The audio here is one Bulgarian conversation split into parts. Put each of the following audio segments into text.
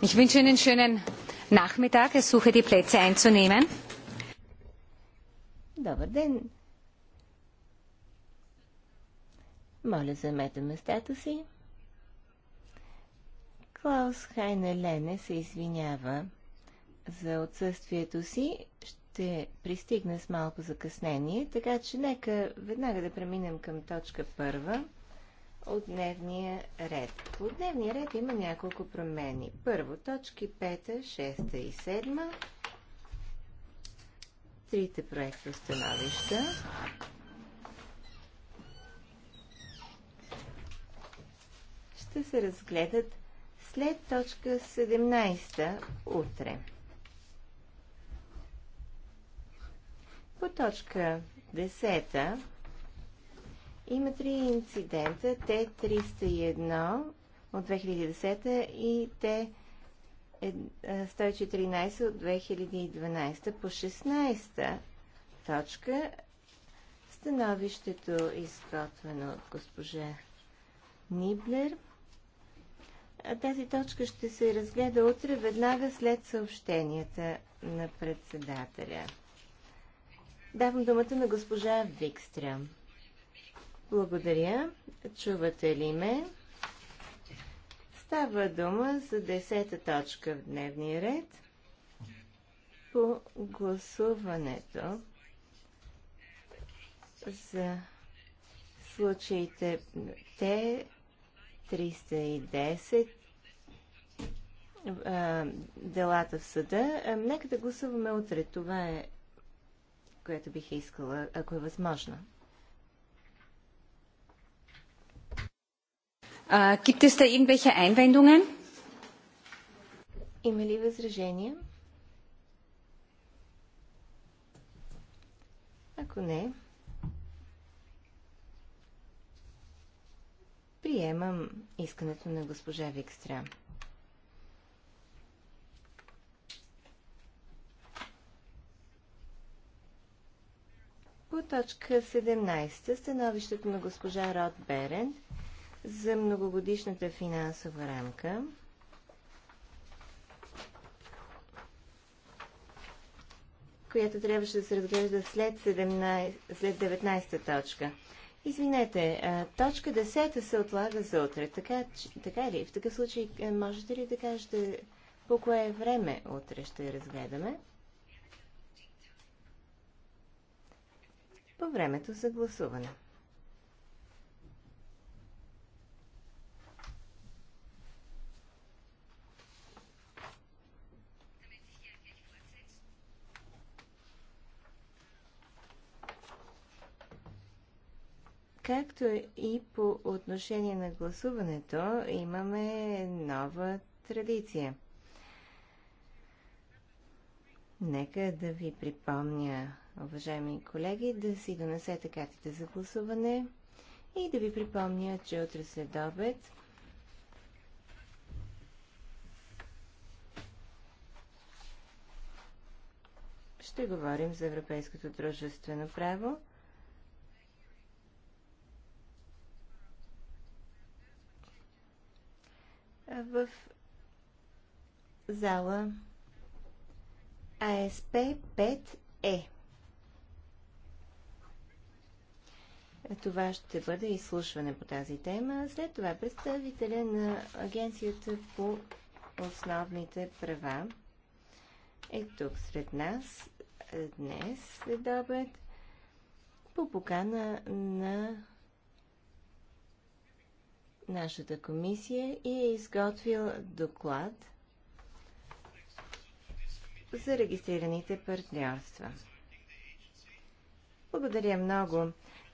Ich wünsche Ihnen einen schönen Nachmittag. Ich suche die Plätze einzunehmen. Добър ден. Моля, заемете местата си. Клаус Хайна Лене се извинява за отсъствието си. Ще пристигне с малко закъснение, така че нека веднага да преминем към точка първа – от дневния ред. По дневния ред има няколко промени. Първо, точки 5, 6 и 7. Трите проекта становища. Ще се разгледат след точка 17 утре. По точка 10 има три инцидента, Т-301 от 2010 и Т-114 от 2012. По 16-та точка становището изготвено от госпожа Ниблер. Тази точка ще се разгледа утре, веднага след съобщенията на председателя. Давам думата на госпожа Викстрям. Благодаря. Чувате ли ме? Става дума за десета точка в дневния ред по гласуването за случаите Т-310 делата в съда. Нека да гласуваме утре. Това е което бих искала, ако е възможно. Äh, gibt es da irgendwelche Einwendungen? Има ли възражения? Ако не, приемам искането на госпожа Викстра. По точка 17 становището на госпожа Род Берен – за многогодишната финансова рамка. която трябваше да се разглежда след, 17, след 19-та точка. Извинете, точка 10 се отлага за утре, така, така ли? В такъв случай можете ли да кажете по кое време утре ще разгледаме? По времето за гласуване. Както и по отношение на гласуването, имаме нова традиция. Нека да ви припомня, уважаеми колеги, да си донесете картите за гласуване и да ви припомня, че утре след обед ще говорим за Европейското дружествено право в зала АСП 5Е. Това ще бъде изслушване по тази тема. След това представителя на Агенцията по основните права е тук сред нас днес след обед по покана на нашата комисия и е изготвил доклад за регистрираните партньорства. Благодаря много.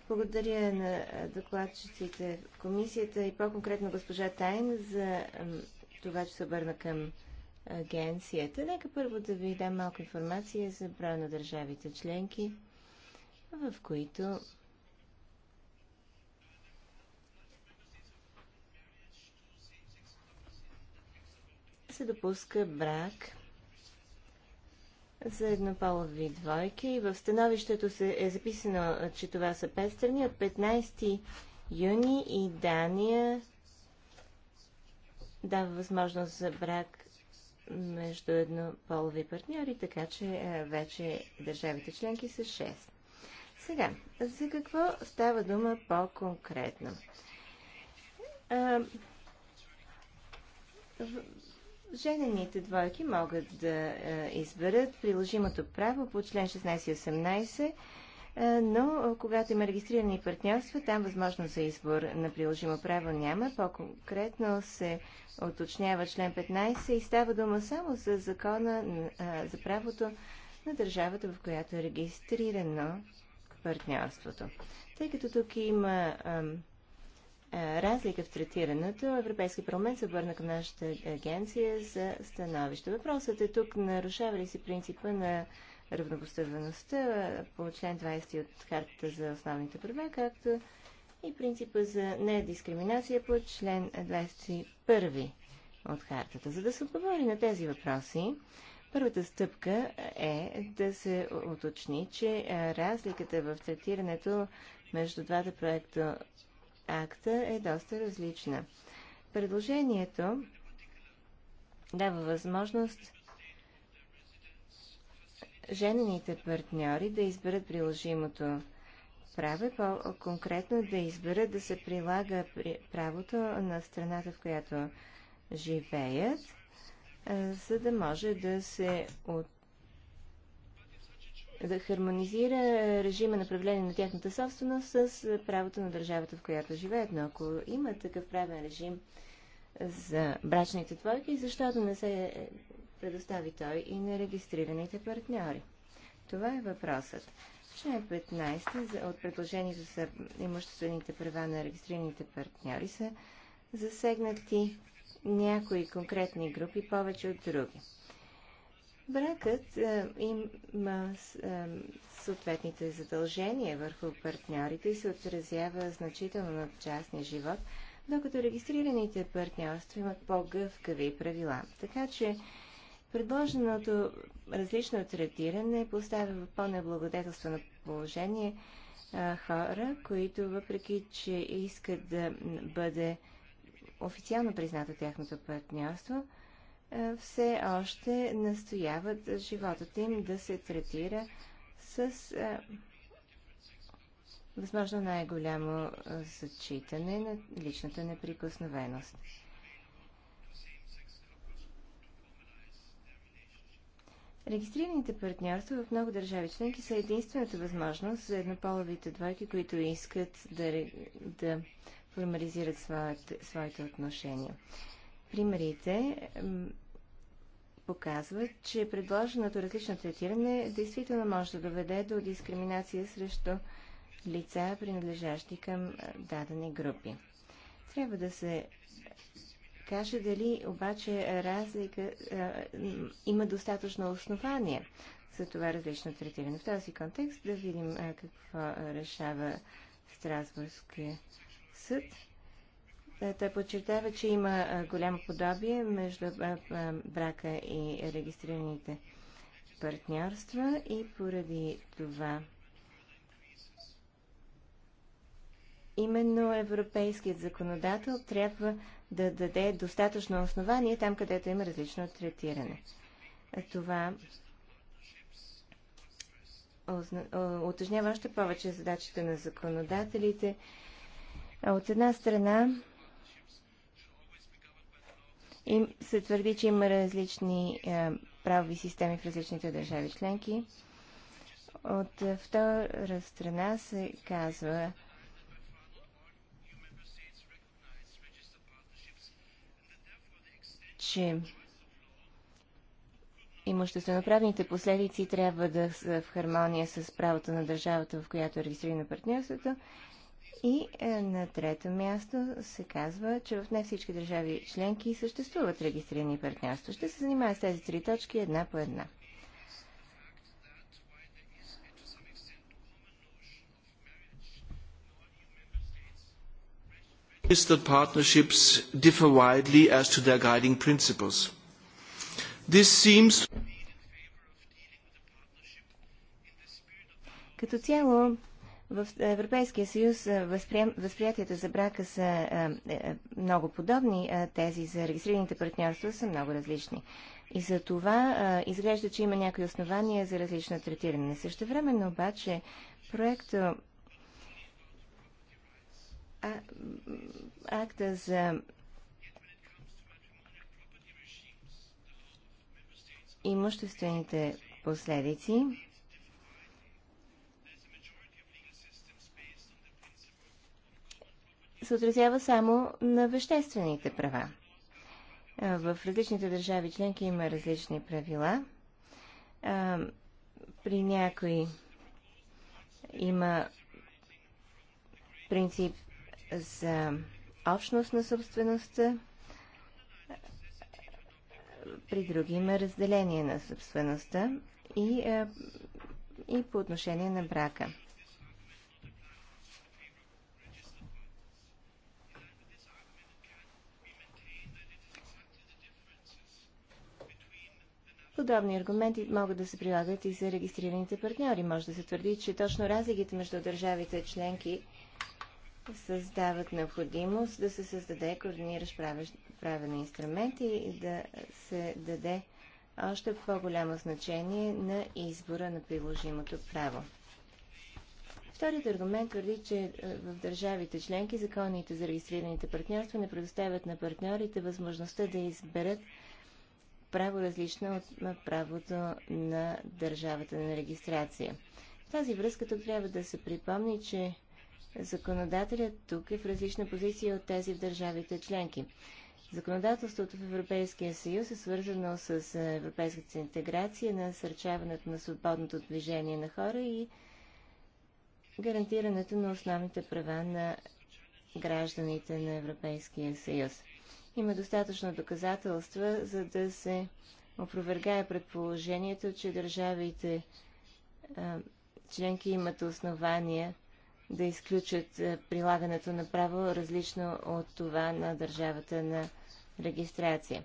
Благодаря на докладчиците в комисията и по-конкретно госпожа Тайн за това, че се обърна към агенцията. Нека първо да ви дам малко информация за броя на държавите членки, в които се допуска брак за еднополови двойки. В становището се е записано, че това са пет страни. От 15 юни и Дания дава възможност за брак между еднополови партньори, така че е, вече държавите членки са 6. Сега, за какво става дума по-конкретно? женените двойки могат да е, изберат приложимото право по член 16 и 18 е, но е, когато има регистрирани партньорства, там възможност за избор на приложимо право няма. По-конкретно се оточнява член 15 и става дума само за закона за правото на държавата, в която е регистрирано партньорството. Тъй като тук има е, разлика в третирането, Европейски парламент се обърна към нашата агенция за становище. Въпросът е тук, нарушава ли се принципа на равнопоставеността по член 20 от Хартата за основните права, както и принципа за недискриминация по член 21 от Хартата. За да се отговори на тези въпроси, първата стъпка е да се уточни, че е, разликата в третирането между двата проекта акта е доста различна. Предложението дава възможност женените партньори да изберат приложимото право, по-конкретно да изберат да се прилага правото на страната, в която живеят, за да може да се от да хармонизира режима на правление на тяхната собственост с правото на държавата, в която живеят. Но ако има такъв правен режим за брачните двойки, защото не се предостави той и на регистрираните партньори? Това е въпросът. член 15 от предложението за имуществените права на регистрираните партньори са засегнати някои конкретни групи повече от други. Бракът е, има е, съответните задължения върху партньорите и се отразява значително на частния живот, докато регистрираните партньорства имат по-гъвкави правила. Така че предложеното различно третиране поставя в по-неблагодетелствено положение е, хора, които въпреки, че искат да бъде официално признато тяхното партньорство, е, все още настояват животът им да се третира с е, възможно най-голямо е, зачитане на личната неприкосновеност. Регистрираните партньорства в много държави членки са единствената възможност за еднополовите двойки, които искат да, да формализират своите, своите отношения примерите показват, че предложеното различно третиране действително може да доведе до дискриминация срещу лица, принадлежащи към дадени групи. Трябва да се каже дали обаче разлика а, има достатъчно основание за това различно третиране. В този контекст да видим а, какво решава Страсбургския съд. Е, той подчертава, че има е, голямо подобие между е, брака и регистрираните партньорства и поради това именно европейският законодател трябва да даде достатъчно основание там, където има различно третиране. Това отъжнява още повече задачите на законодателите. От една страна и се твърди, че има различни е, правови системи в различните държави членки. От втора страна се казва, че имущественоправните последици трябва да са в хармония с правото на държавата, в която е регистрирано партньорството и е, на трето място се казва, че в не всички държави членки съществуват регистрирани партньорства. Ще се занимая с тези три точки една по една. registered partnerships differ widely as to their guiding principles. This seems Като цяло, в Европейския съюз възприятията за брака са е, е, много подобни, тези за регистрираните партньорства са много различни. И за това изглежда, че има някои основания за различно третиране. Също времено обаче проекто а, акта за имуществените последици се отразява само на веществените права. В различните държави членки има различни правила. При някои има принцип за общност на собствеността, при други има разделение на собствеността и, и по отношение на брака. Подобни аргументи могат да се прилагат и за регистрираните партньори. Може да се твърди, че точно разликите между държавите членки създават необходимост да се създаде координиращ правен инструмент и да се даде още по-голямо значение на избора на приложимото право. Вторият аргумент твърди, че е, в държавите членки законите за регистрираните партньорства не предоставят на партньорите възможността да изберат право различно от правото на държавата на регистрация. В тази връзка тук трябва да се припомни, че законодателят тук е в различна позиция от тези в държавите членки. Законодателството в Европейския съюз е свързано с е, европейската интеграция, насърчаването на свободното движение на хора и гарантирането на основните права на гражданите на Европейския съюз. Има достатъчно доказателства, за да се опровергае предположението, че държавите членки имат основания да изключат прилагането на право различно от това на държавата на регистрация.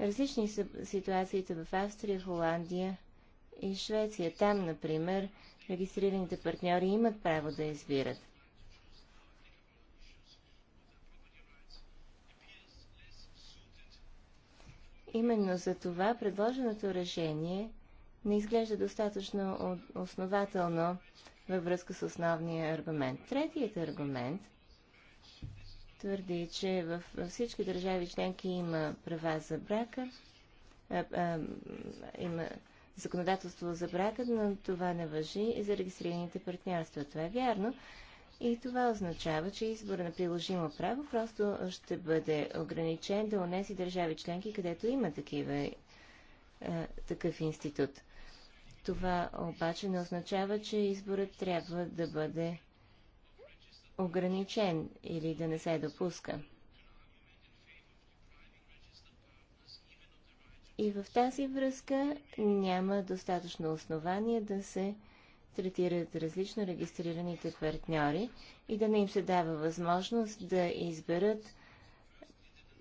Различни са ситуациите в Австрия, Холандия и Швеция. Там, например, регистрираните партньори имат право да избират. Именно за това предложеното решение не изглежда достатъчно основателно във връзка с основния аргумент. Третият аргумент твърди, че във всички държави членки има права за брака, а, а, има законодателство за брака, но това не въжи и за регистрираните партньорства. Това е вярно, и това означава, че избор на приложимо право просто ще бъде ограничен до унеси държави членки, където има такива, е, такъв институт. Това обаче не означава, че изборът трябва да бъде ограничен или да не се допуска. И в тази връзка няма достатъчно основание да се третират различно регистрираните партньори и да не им се дава възможност да изберат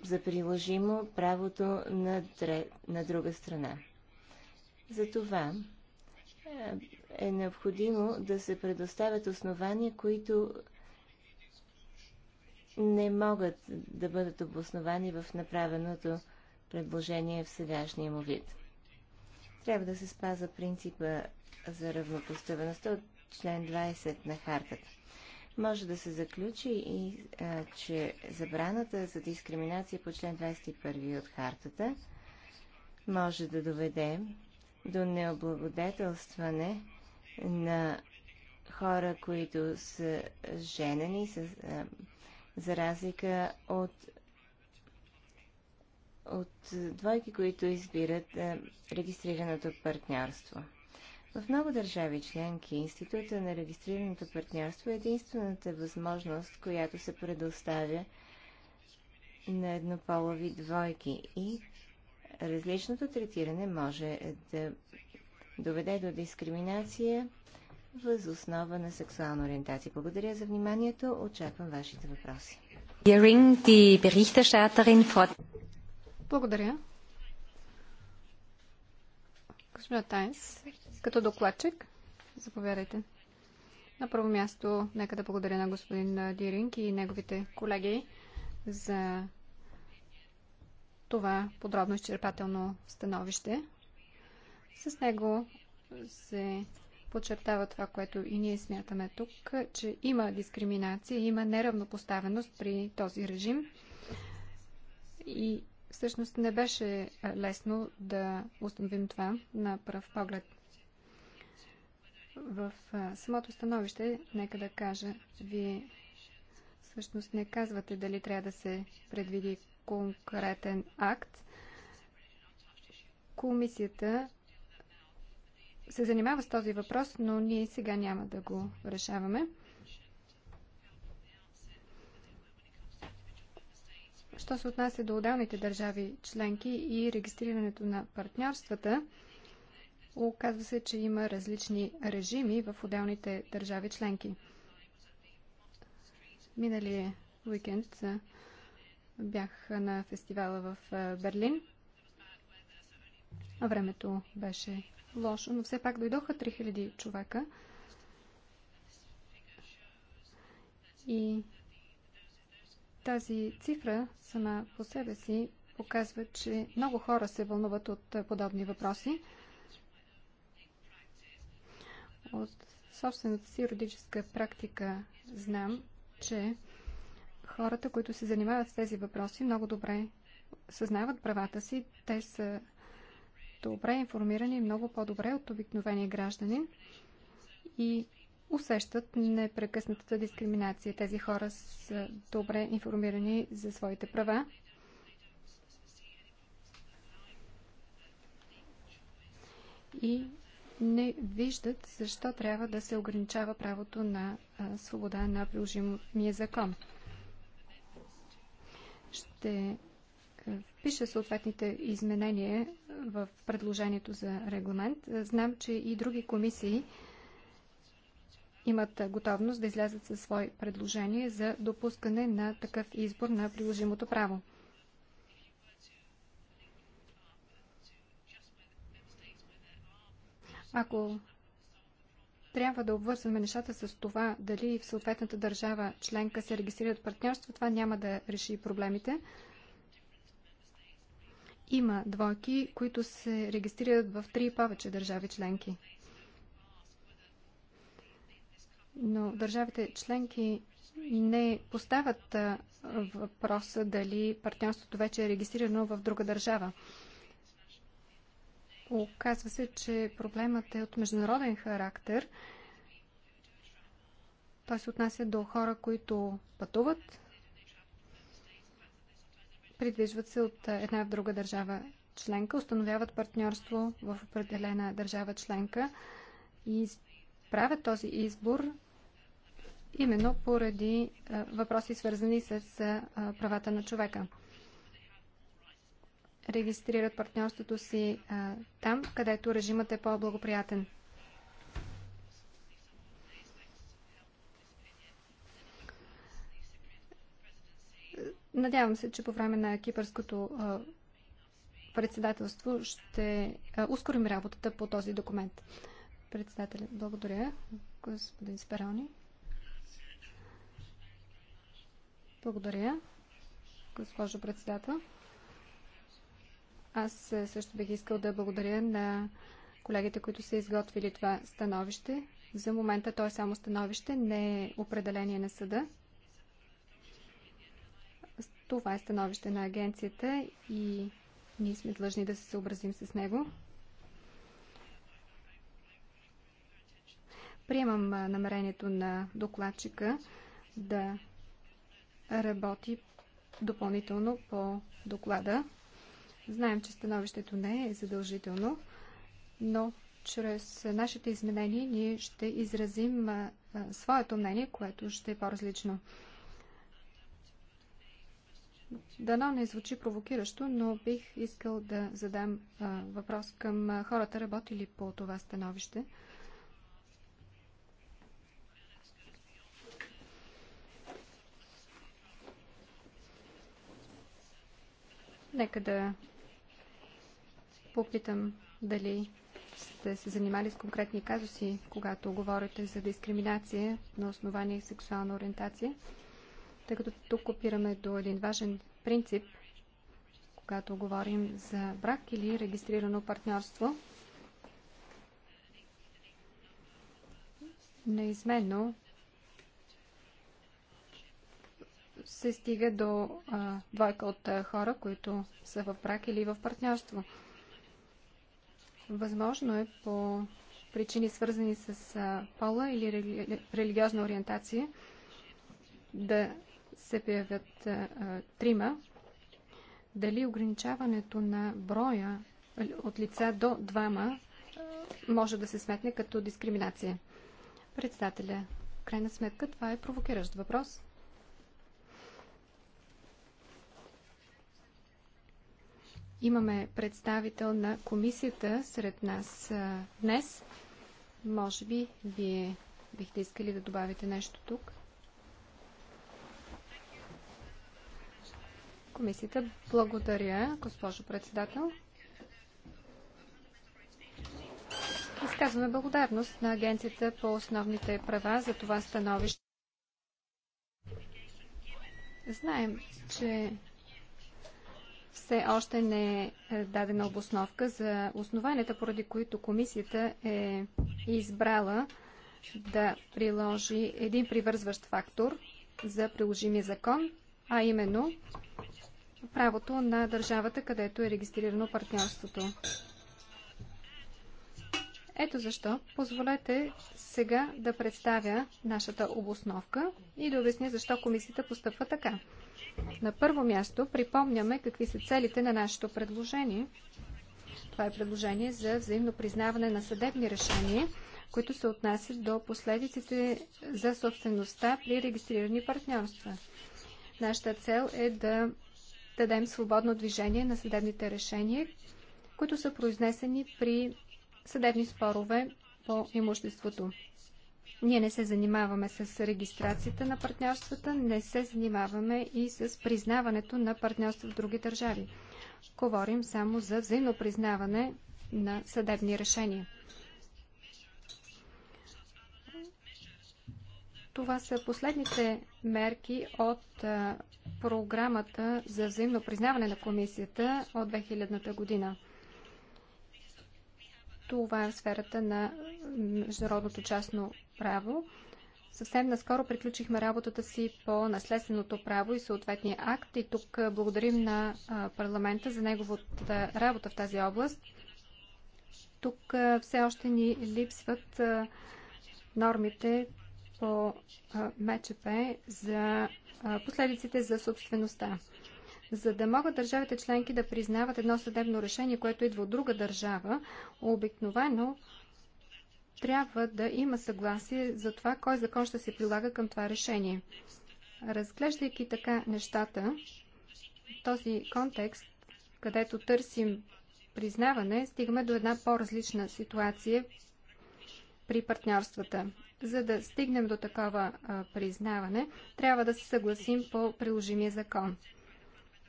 за приложимо правото на, дре... на друга страна. Затова е, е необходимо да се предоставят основания, които не могат да бъдат обосновани в направеното предложение в сегашния му вид. Трябва да се спаза принципа за равнопоставеността от член 20 на хартата. Може да се заключи и, а, че забраната за дискриминация по член 21 от хартата може да доведе до необлагодетелстване на хора, които са женени, са, а, за разлика от, от двойки, които избират а, регистрираното партньорство. В много държави членки Института на регистрираното партньорство е единствената възможност, която се предоставя на еднополови двойки и различното третиране може да доведе до дискриминация въз основа на сексуална ориентация. Благодаря за вниманието. Очаквам вашите въпроси. Благодаря. Госпожа Тайнс, като докладчик, заповядайте. На първо място, нека да благодаря на господин Диринг и неговите колеги за това подробно изчерпателно становище. С него се подчертава това, което и ние смятаме тук, че има дискриминация, има неравнопоставеност при този режим. И всъщност не беше лесно да установим това на пръв поглед. В самото становище, нека да кажа, вие всъщност не казвате дали трябва да се предвиди конкретен акт. Комисията се занимава с този въпрос, но ние сега няма да го решаваме. Що се отнася до отделните държави членки и регистрирането на партньорствата, Оказва се, че има различни режими в отделните държави членки. Минали уикенд бях на фестивала в Берлин. Времето беше лошо, но все пак дойдоха 3000 човека. И тази цифра сама по себе си показва, че много хора се вълнуват от подобни въпроси. От собствената си юридическа практика знам, че хората, които се занимават с тези въпроси, много добре съзнават правата си. Те са добре информирани, много по-добре от обикновения граждани и усещат непрекъснатата дискриминация. Тези хора са добре информирани за своите права. И не виждат защо трябва да се ограничава правото на свобода на приложимия закон. Ще впиша съответните изменения в предложението за регламент. Знам, че и други комисии имат готовност да излязат със свои предложения за допускане на такъв избор на приложимото право. Ако трябва да обвързваме нещата с това дали в съответната държава членка се регистрират партньорства, това няма да реши проблемите. Има двойки, които се регистрират в три и повече държави членки. Но държавите членки не поставят въпроса дали партньорството вече е регистрирано в друга държава. Оказва се, че проблемът е от международен характер. Той се отнася до хора, които пътуват, придвижват се от една в друга държава членка, установяват партньорство в определена държава членка и правят този избор именно поради въпроси свързани с правата на човека регистрират партньорството си а, там, където режимът е по-благоприятен. Надявам се, че по време на кипърското а, председателство ще а, ускорим работата по този документ. Председателя, благодаря. Господин Сперони. Благодаря, госпожо председател. Аз е, също бих искал да благодаря на колегите, които са изготвили това становище. За момента то е само становище, не е определение на съда. Това е становище на агенцията и ние сме длъжни да се съобразим с него. Приемам намерението на докладчика да работи допълнително по доклада. Знаем, че становището не е задължително, но чрез нашите изменения ние ще изразим а, своето мнение, което ще е по-различно. Дано не звучи провокиращо, но бих искал да задам а, въпрос към хората, работили по това становище. Нека да попитам дали сте се занимали с конкретни казуси, когато говорите за дискриминация на основание и сексуална ориентация, тъй като тук копираме до един важен принцип, когато говорим за брак или регистрирано партньорство. Неизменно се стига до а, двойка от а, хора, които са в брак или в партньорство. Възможно е по причини свързани с пола или рели... религиозна ориентация да се появят трима. Дали ограничаването на броя от лица до двама може да се сметне като дискриминация? Председателя, в крайна сметка това е провокиращ въпрос. Имаме представител на комисията сред нас днес. Може би вие бихте искали да добавите нещо тук. Комисията. Благодаря, госпожо председател. Изказваме благодарност на Агенцията по основните права за това становище. Знаем, че все още не е дадена обосновка за основанията, поради които комисията е избрала да приложи един привързващ фактор за приложимия закон, а именно правото на държавата, където е регистрирано партньорството. Ето защо позволете сега да представя нашата обосновка и да обясня защо комисията постъпва така. На първо място припомняме какви са целите на нашето предложение. Това е предложение за взаимно признаване на съдебни решения, които се отнасят до последиците за собствеността при регистрирани партньорства. Нашата цел е да дадем свободно движение на съдебните решения, които са произнесени при съдебни спорове по имуществото. Ние не се занимаваме с регистрацията на партньорствата, не се занимаваме и с признаването на партньорства в други държави. Говорим само за взаимно признаване на съдебни решения. Това са последните мерки от програмата за взаимно признаване на комисията от 2000 година. Това е в сферата на международното частно право. Съвсем наскоро приключихме работата си по наследственото право и съответния акт и тук благодарим на парламента за неговата работа в тази област. Тук все още ни липсват нормите по МЧП за последиците за собствеността. За да могат държавите членки да признават едно съдебно решение, което идва от друга държава, обикновено трябва да има съгласие за това, кой закон ще се прилага към това решение. Разглеждайки така нещата, този контекст, където търсим признаване, стигаме до една по-различна ситуация при партньорствата. За да стигнем до такова а, признаване, трябва да се съгласим по приложимия закон.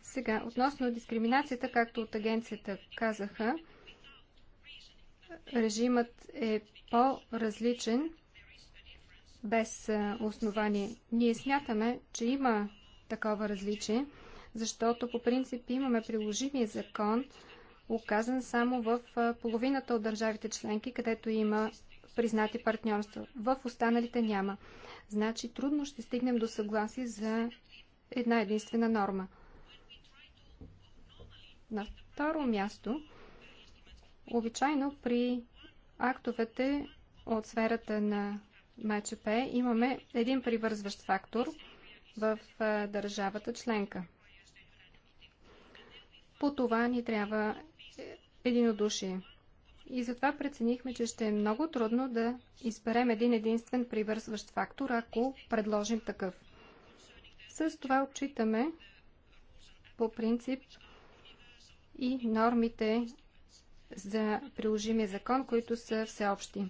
Сега, относно дискриминацията, както от агенцията казаха, режимът е по-различен без основание. Ние смятаме, че има такова различие, защото по принцип имаме приложимия закон, оказан само в половината от държавите членки, където има признати партньорства. В останалите няма. Значи трудно ще стигнем до съгласие за една единствена норма. На второ място, Обичайно при актовете от сферата на МЧП имаме един привързващ фактор в държавата членка. По това ни трябва е, единодушие. И затова преценихме, че ще е много трудно да изберем един единствен привързващ фактор, ако предложим такъв. С това отчитаме по принцип и нормите за приложимия закон, които са всеобщи.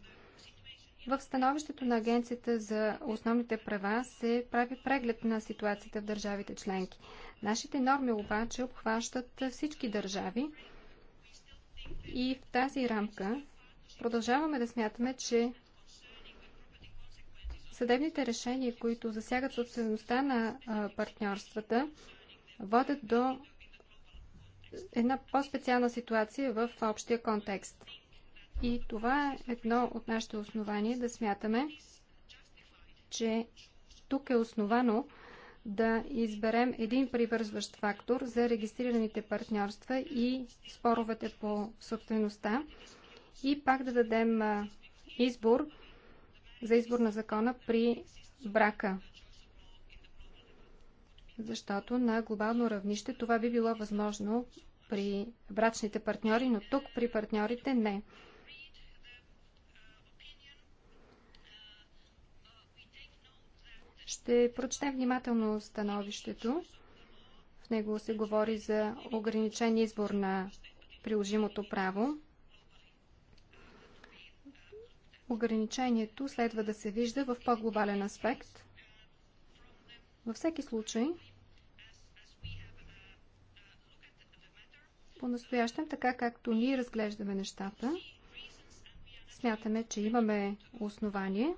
В становището на Агенцията за основните права се прави преглед на ситуацията в държавите членки. Нашите норми обаче обхващат всички държави и в тази рамка продължаваме да смятаме, че съдебните решения, които засягат собствеността на партньорствата, водят до една по-специална ситуация в общия контекст. И това е едно от нашите основания да смятаме, че тук е основано да изберем един привързващ фактор за регистрираните партньорства и споровете по собствеността и пак да дадем избор за избор на закона при брака защото на глобално равнище това би било възможно при брачните партньори, но тук при партньорите не. Ще прочетем внимателно становището. В него се говори за ограничен избор на приложимото право. Ограничението следва да се вижда в по-глобален аспект. Във всеки случай, По-настоящем, така както ние разглеждаме нещата, смятаме, че имаме основание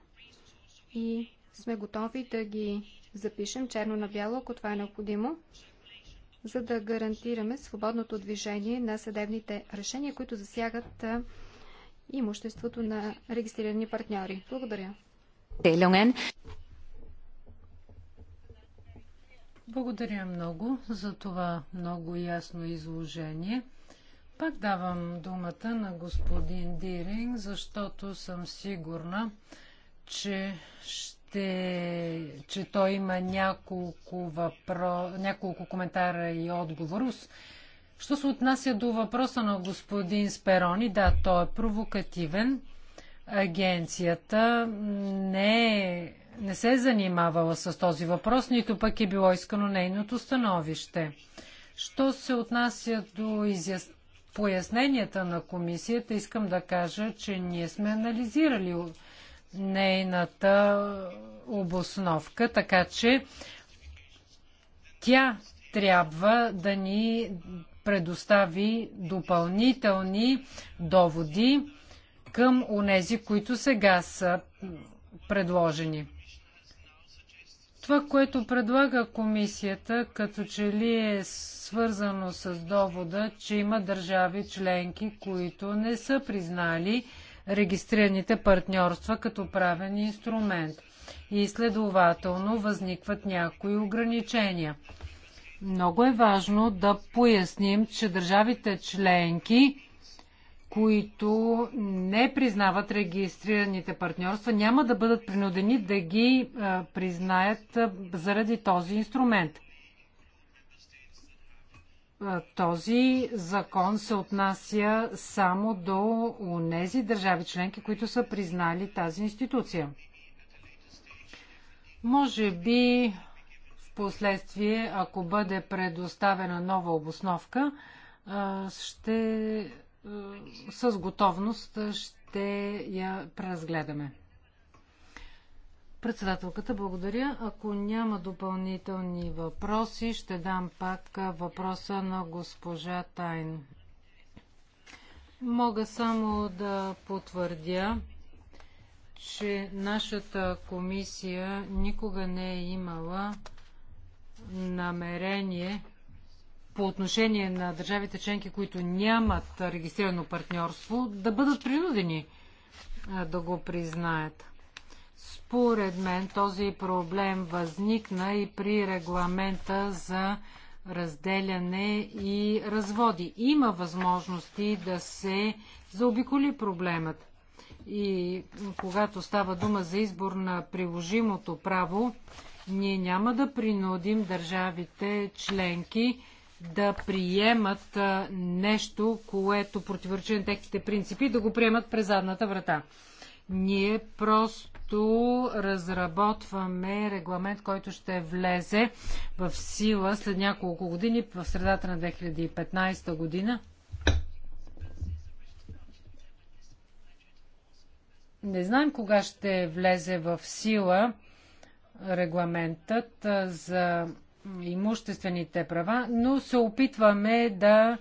и сме готови да ги запишем черно на бяло, ако това е необходимо, за да гарантираме свободното движение на съдебните решения, които засягат имуществото на регистрирани партньори. Благодаря. Благодаря много за това много ясно изложение. Пак давам думата на господин Диринг, защото съм сигурна, че, ще, че той има няколко, въпро... няколко коментара и отговор. Що се отнася до въпроса на господин Сперони, да, той е провокативен. Агенцията не, не се е занимавала с този въпрос, нито пък е било искано нейното становище. Що се отнася до изяс... поясненията на комисията, искам да кажа, че ние сме анализирали нейната обосновка, така че тя трябва да ни предостави допълнителни доводи към онези, които сега са предложени. Това, което предлага комисията, като че ли е свързано с довода, че има държави членки, които не са признали регистрираните партньорства като правен инструмент и следователно възникват някои ограничения. Много е важно да поясним, че държавите членки които не признават регистрираните партньорства, няма да бъдат принудени да ги е, признаят е, заради този инструмент. Е, този закон се отнася само до тези държави членки, които са признали тази институция. Може би в последствие, ако бъде предоставена нова обосновка, ще е, с готовност ще я преразгледаме. Председателката, благодаря. Ако няма допълнителни въпроси, ще дам пак въпроса на госпожа Тайн. Мога само да потвърдя, че нашата комисия никога не е имала намерение по отношение на държавите членки, които нямат регистрирано партньорство, да бъдат принудени да го признаят. Според мен този проблем възникна и при регламента за разделяне и разводи. Има възможности да се заобиколи проблемът. И когато става дума за избор на приложимото право, ние няма да принудим държавите членки да приемат нещо, което противоречи на техните принципи, да го приемат през задната врата. Ние просто разработваме регламент, който ще влезе в сила след няколко години, в средата на 2015 година. Не знаем кога ще влезе в сила регламентът за имуществените права, но се опитваме да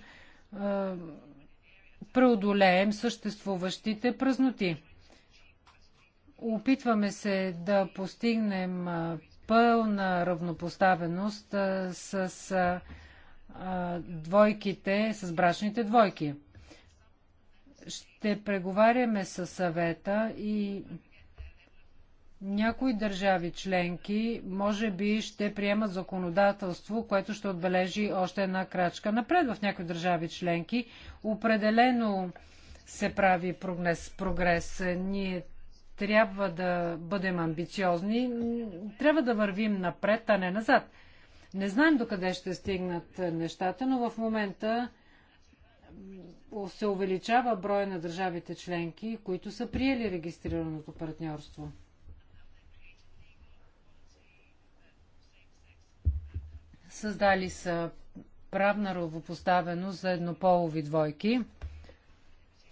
преодолеем съществуващите празноти. Опитваме се да постигнем пълна равнопоставеност с двойките, с брачните двойки. Ще преговаряме със съвета и някои държави членки може би ще приемат законодателство, което ще отбележи още една крачка напред в някои държави членки. Определено се прави прогрес. прогрес. Ние трябва да бъдем амбициозни, трябва да вървим напред, а не назад. Не знаем докъде ще стигнат е, нещата, но в момента се увеличава броя на държавите членки, които са приели регистрираното партньорство. Създали са правна равопоставеност за еднополови двойки.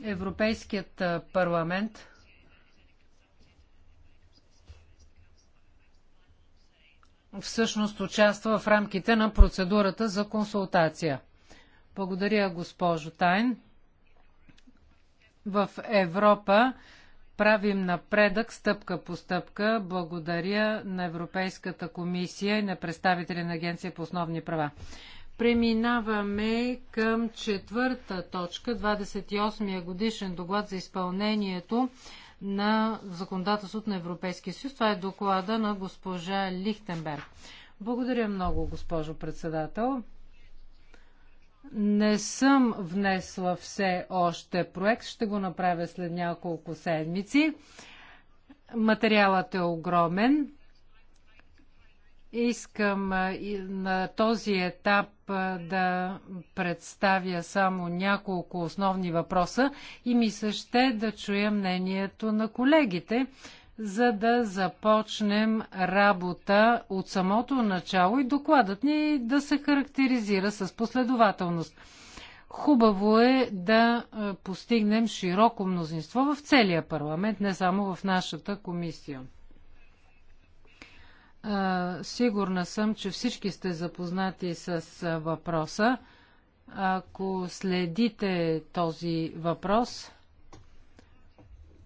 Европейският парламент всъщност участва в рамките на процедурата за консултация. Благодаря, госпожо Тайн. В Европа правим напредък стъпка по стъпка. Благодаря на Европейската комисия и на представители на Агенция по основни права. Преминаваме към четвърта точка, 28-я годишен доклад за изпълнението на законодателството на Европейския съюз. Това е доклада на госпожа Лихтенберг. Благодаря много, госпожо председател. Не съм внесла все още проект, ще го направя след няколко седмици. Материалът е огромен. Искам на този етап да представя само няколко основни въпроса и ми се ще да чуя мнението на колегите за да започнем работа от самото начало и докладът ни да се характеризира с последователност. Хубаво е да е, постигнем широко мнозинство в целия парламент, не само в нашата комисия. Е, сигурна съм, че всички сте запознати с е, въпроса. Ако следите този въпрос,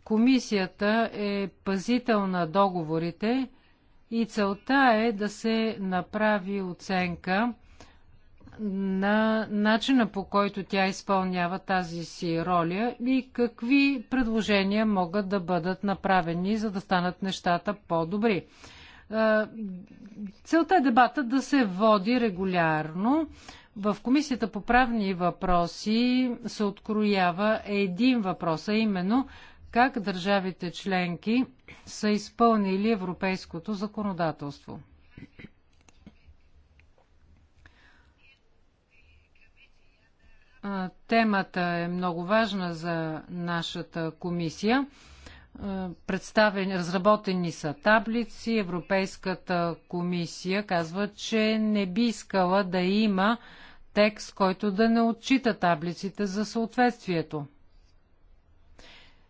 Комисията е пазител на договорите и целта е да се направи оценка на начина по който тя изпълнява тази си роля и какви предложения могат да бъдат направени, за да станат нещата по-добри. Целта е дебата да се води регулярно. В Комисията по правни въпроси се откроява един въпрос, а именно как държавите членки са изпълнили европейското законодателство. Темата е много важна за нашата комисия. Представени, разработени са таблици. Европейската комисия казва, че не би искала да има текст, който да не отчита таблиците за съответствието.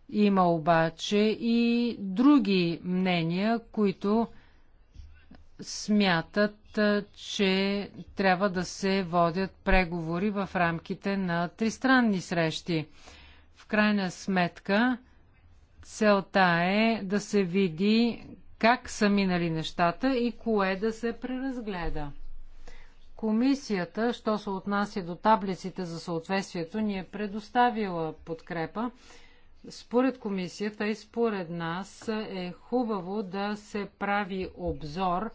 Има обаче и други мнения, които смятат, че трябва да се водят преговори в рамките на тристранни срещи. В крайна сметка, целта е да се види как са минали нещата и кое да се преразгледа. Комисията, що се отнася до таблиците за съответствието, ни е предоставила подкрепа според комисията и според нас е хубаво да се прави обзор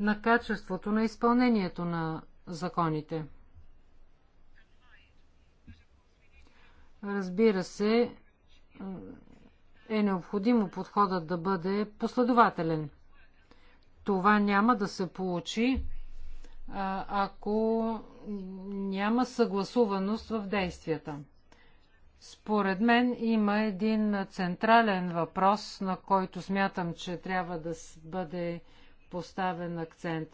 на качеството на изпълнението на законите. Разбира се, е необходимо подходът да бъде последователен. Това няма да се получи, ако няма съгласуваност в действията. Според мен има един централен въпрос, на който смятам, че трябва да бъде поставен акцент.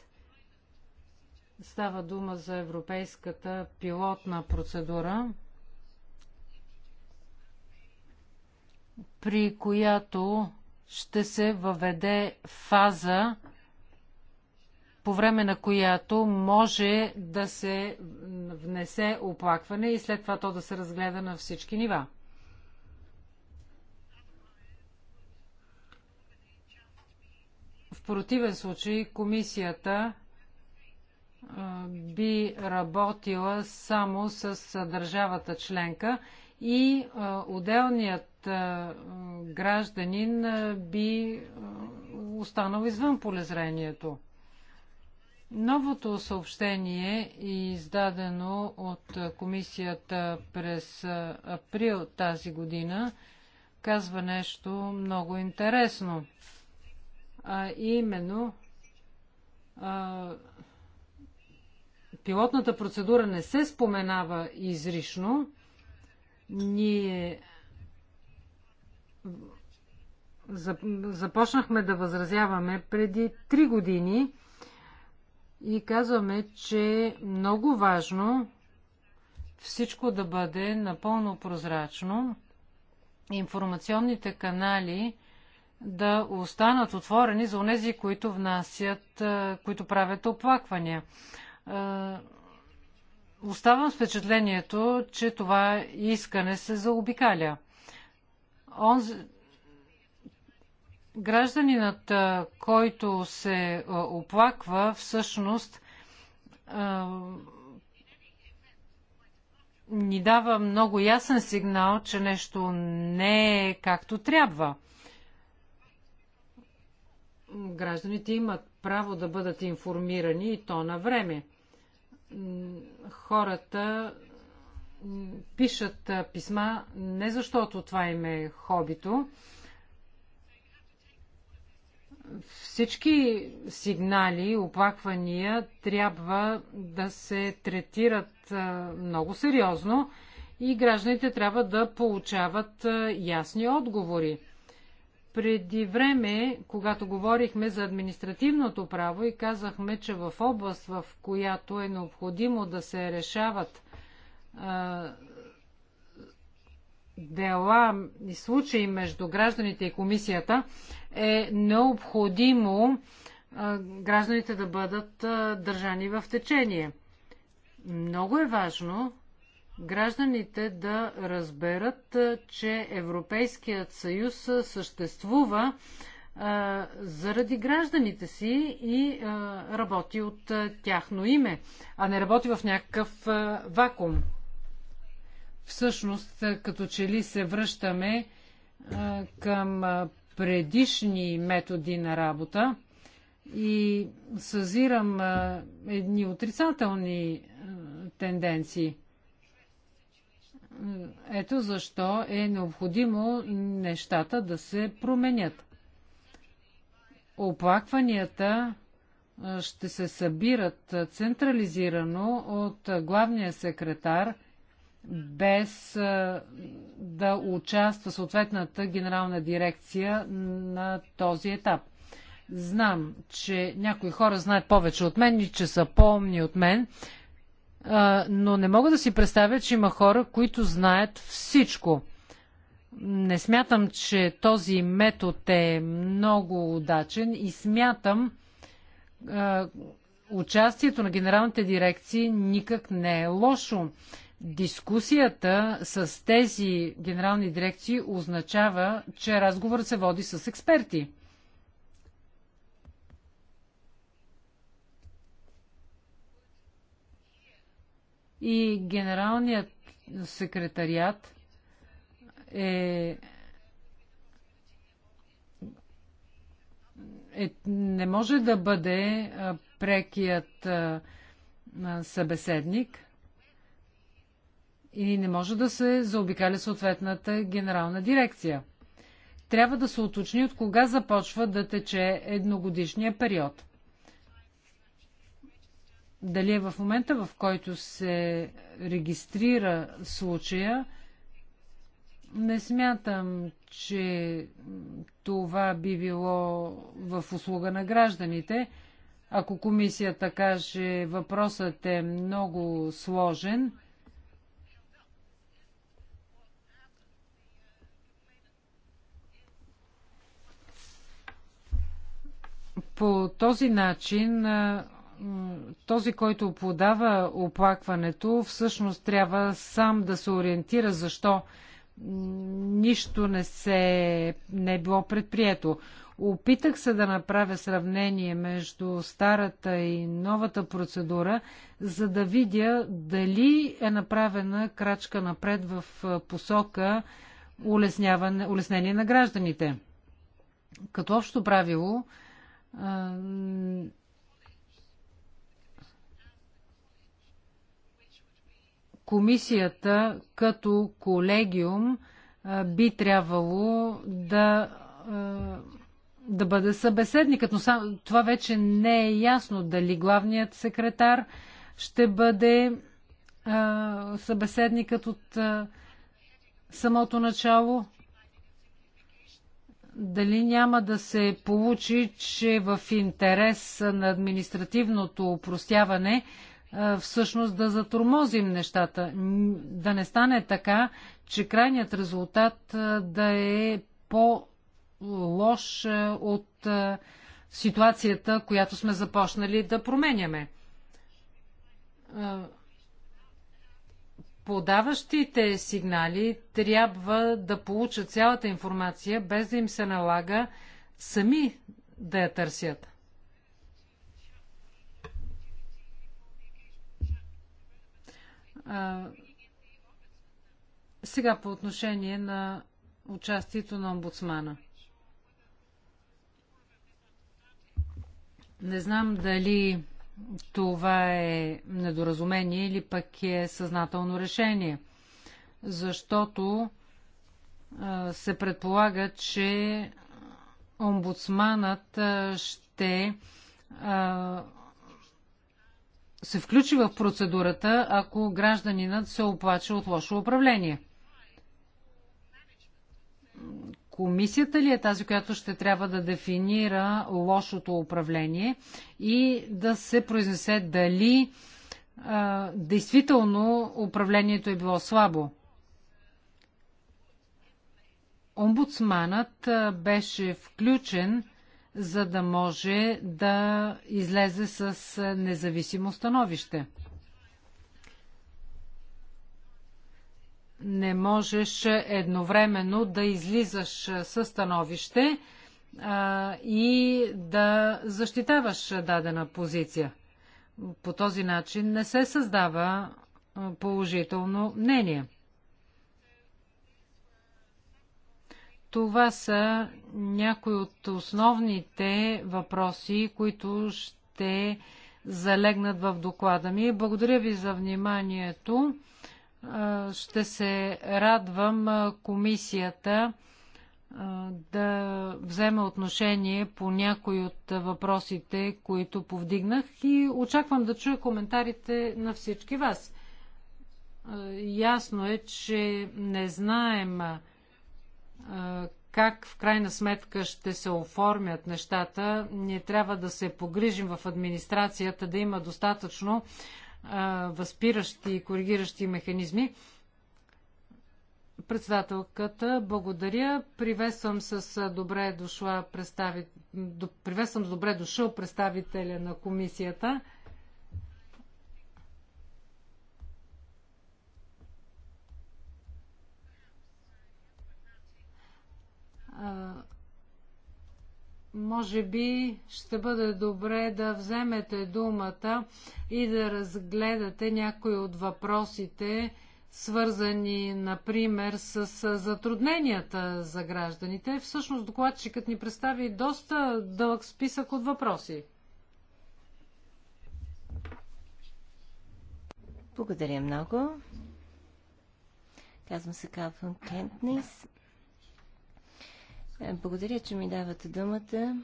Става дума за европейската пилотна процедура, при която ще се въведе фаза по време на която може да се внесе оплакване и след това то да се разгледа на всички нива. В противен случай комисията би работила само с държавата членка и отделният гражданин би останал извън полезрението. Новото съобщение, издадено от комисията през април тази година, казва нещо много интересно. А именно, а, пилотната процедура не се споменава изрично. Ние започнахме да възразяваме преди три години и казваме, че е много важно всичко да бъде напълно прозрачно, информационните канали да останат отворени за онези, които внасят, които правят оплаквания. Оставам с впечатлението, че това искане се заобикаля гражданинът, който се оплаква, всъщност ни дава много ясен сигнал, че нещо не е както трябва. Гражданите имат право да бъдат информирани и то на време. Хората пишат писма не защото това им е хобито, всички сигнали, оплаквания трябва да се третират много сериозно и гражданите трябва да получават ясни отговори. Преди време, когато говорихме за административното право и казахме, че в област, в която е необходимо да се решават дела и случаи между гражданите и комисията, е необходимо гражданите да бъдат държани в течение. Много е важно гражданите да разберат, че Европейският съюз съществува заради гражданите си и работи от тяхно име, а не работи в някакъв вакуум. Всъщност, като че ли се връщаме към предишни методи на работа и съзирам едни отрицателни тенденции. Ето защо е необходимо нещата да се променят. Оплакванията ще се събират централизирано от главния секретар – без да участва съответната генерална дирекция на този етап. Знам, че някои хора знаят повече от мен и че са по-умни от мен, но не мога да си представя, че има хора, които знаят всичко. Не смятам, че този метод е много удачен и смятам, участието на генералните дирекции никак не е лошо. Дискусията с тези генерални дирекции означава, че разговор се води с експерти. И генералният секретариат е е, не може да бъде прекият събеседник и не може да се заобикаля съответната генерална дирекция. Трябва да се уточни от кога започва да тече едногодишния период. Дали е в момента, в който се регистрира случая, не смятам, че това би било в услуга на гражданите. Ако комисията каже, въпросът е много сложен, По този начин този, който подава оплакването, всъщност трябва сам да се ориентира защо нищо не, се, не е било предприето. Опитах се да направя сравнение между старата и новата процедура, за да видя дали е направена крачка напред в посока улеснение на гражданите. Като общо правило, комисията като колегиум би трябвало да, да бъде събеседникът, но това вече не е ясно дали главният секретар ще бъде събеседникът от самото начало дали няма да се получи, че в интерес на административното упростяване е, всъщност да затормозим нещата. Да не стане така, че крайният резултат е, да е по-лош е, от ситуацията, която сме започнали да променяме подаващите сигнали трябва да получат цялата информация, без да им се налага сами да я търсят. А, сега по отношение на участието на омбудсмана. Не знам дали това е недоразумение или пък е съзнателно решение. Защото се предполага, че омбудсманът ще се включи в процедурата, ако гражданинът се оплаче от лошо управление. Комисията ли е тази, която ще трябва да дефинира лошото управление и да се произнесе дали а, действително управлението е било слабо? Омбудсманът беше включен, за да може да излезе с независимо становище. не можеш едновременно да излизаш със становище а, и да защитаваш дадена позиция. По този начин не се създава положително мнение. Това са някои от основните въпроси, които ще залегнат в доклада ми. Благодаря ви за вниманието ще се радвам комисията да взема отношение по някои от въпросите, които повдигнах и очаквам да чуя коментарите на всички вас. Ясно е, че не знаем как в крайна сметка ще се оформят нещата. Ние трябва да се погрижим в администрацията да има достатъчно а, възпиращи и коригиращи механизми. Председателката, благодаря. Приветствам с добре дошла представи... Приветствам с добре дошъл представителя на комисията може би ще бъде добре да вземете думата и да разгледате някои от въпросите, свързани, например, с затрудненията за гражданите. Всъщност докладчикът ни представи доста дълъг списък от въпроси. Благодаря много. Казвам се Калфан Кентнис. Е, благодаря, че ми давате думата.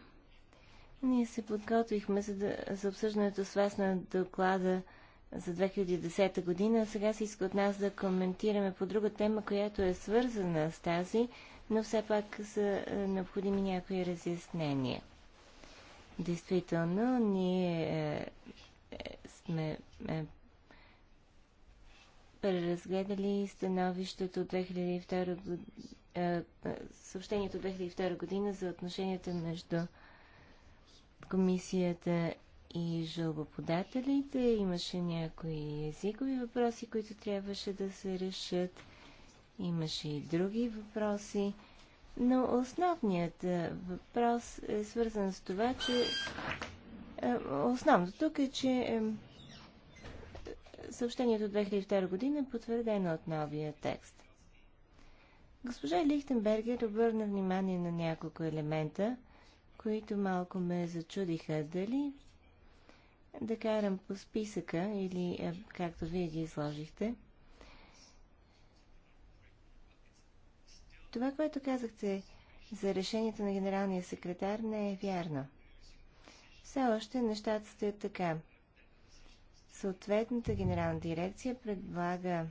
Ние се подготвихме за, да, за обсъждането с вас на доклада за 2010 година. Сега се иска от нас да коментираме по друга тема, която е свързана с тази, но все пак са е, необходими някои разяснения. Действително, ние е, сме преразгледали становището от 2002 година е, е, съобщението 2002 година за отношенията между комисията и жалбоподателите. Имаше някои езикови въпроси, които трябваше да се решат. Имаше и други въпроси. Но основният е, въпрос е свързан с това, че основното тук е, че съобщението от 2002 година е потвърдено от новия текст. Госпожа Лихтенбергер обърна внимание на няколко елемента, които малко ме зачудиха. Дали да карам по списъка или е, както вие ги изложихте. Това, което казахте за решението на генералния секретар, не е вярно. Все още нещата стоят така. Съответната генерална дирекция предлага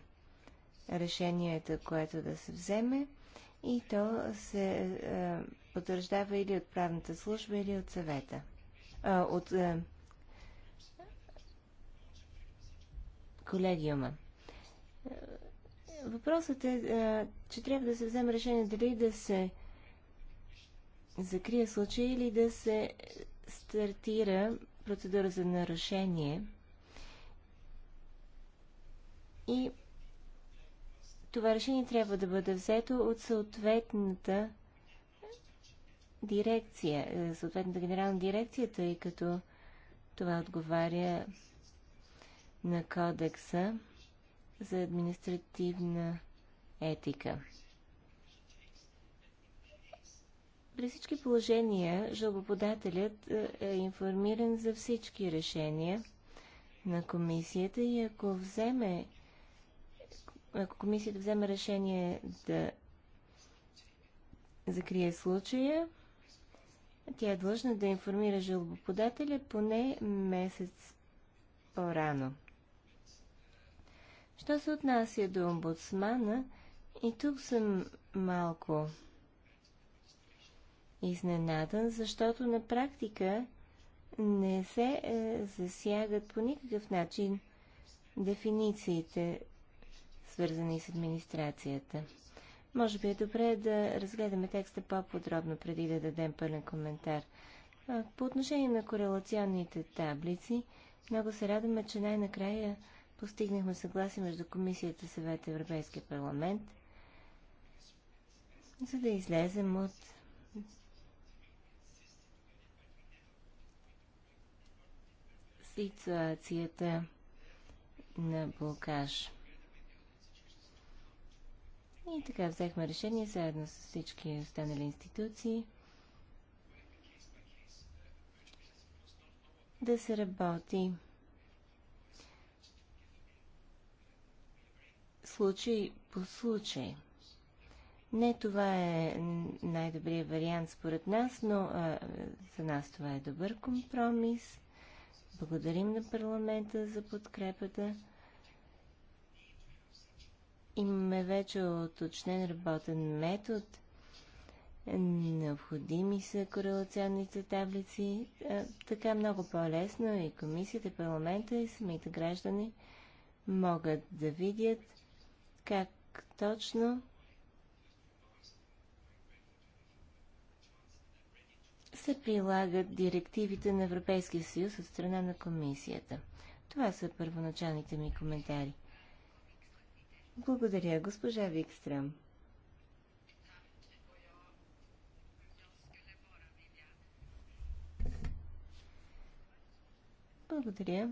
решението, което да се вземе и то се е, потвърждава или от правната служба, или от съвета. А, от а, е, колегиума. Въпросът е, а, е, че трябва да се вземе решение дали да се закрие случай или да се стартира процедура за нарушение и това решение трябва да бъде взето от съответната дирекция, е, съответната генерална дирекция, тъй като това отговаря на кодекса за административна етика. При всички положения жалбоподателят е, е информиран за всички решения на комисията и ако вземе ако комисията вземе решение да закрие случая, тя е длъжна да информира жалбоподателя поне месец по-рано. Що се отнася до омбудсмана, и тук съм малко изненадан, защото на практика не се е, засягат по никакъв начин дефинициите свързани с администрацията. Може би е добре да разгледаме текста по-подробно, преди да дадем пълен коментар. По отношение на корелационните таблици, много се радваме, че най-накрая постигнахме съгласие между Комисията Съвет Европейския парламент, за да излезем от ситуацията на блокаж. И така взехме решение заедно с всички останали институции да се работи случай по случай. Не това е най-добрият вариант според нас, но а, за нас това е добър компромис. Благодарим на парламента за подкрепата. Имаме вече уточнен работен метод. Необходими са корелационните таблици. Така много по-лесно и комисията, парламента и самите граждани могат да видят как точно се прилагат директивите на Европейския съюз от страна на комисията. Това са първоначалните ми коментари. Благодаря, госпожа Викстрам. Благодаря.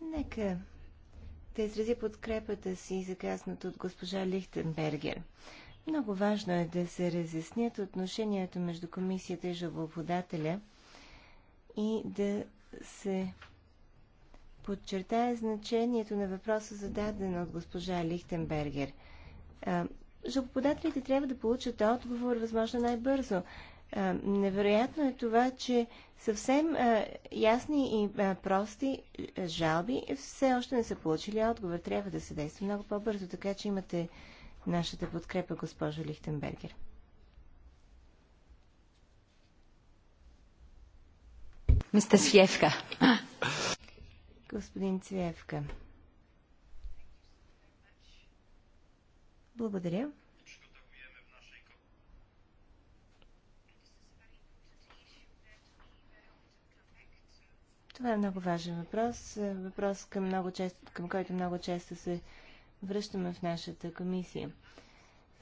Нека да изрази подкрепата си за казаното от госпожа Лихтенбергер. Много важно е да се разяснят отношенията между комисията и жалбоподателя и да се подчертая значението на въпроса зададен от госпожа Лихтенбергер. Жалкоподателите трябва да получат отговор възможно най-бързо. Невероятно е това, че съвсем ясни и прости жалби все още не са получили отговор. Трябва да се действа много по-бързо, така че имате нашата подкрепа, госпожо Лихтенбергер. Мистер Сиевка господин Цвевка. Благодаря. Това е много важен въпрос. Въпрос, към, много често, към който много често се връщаме в нашата комисия.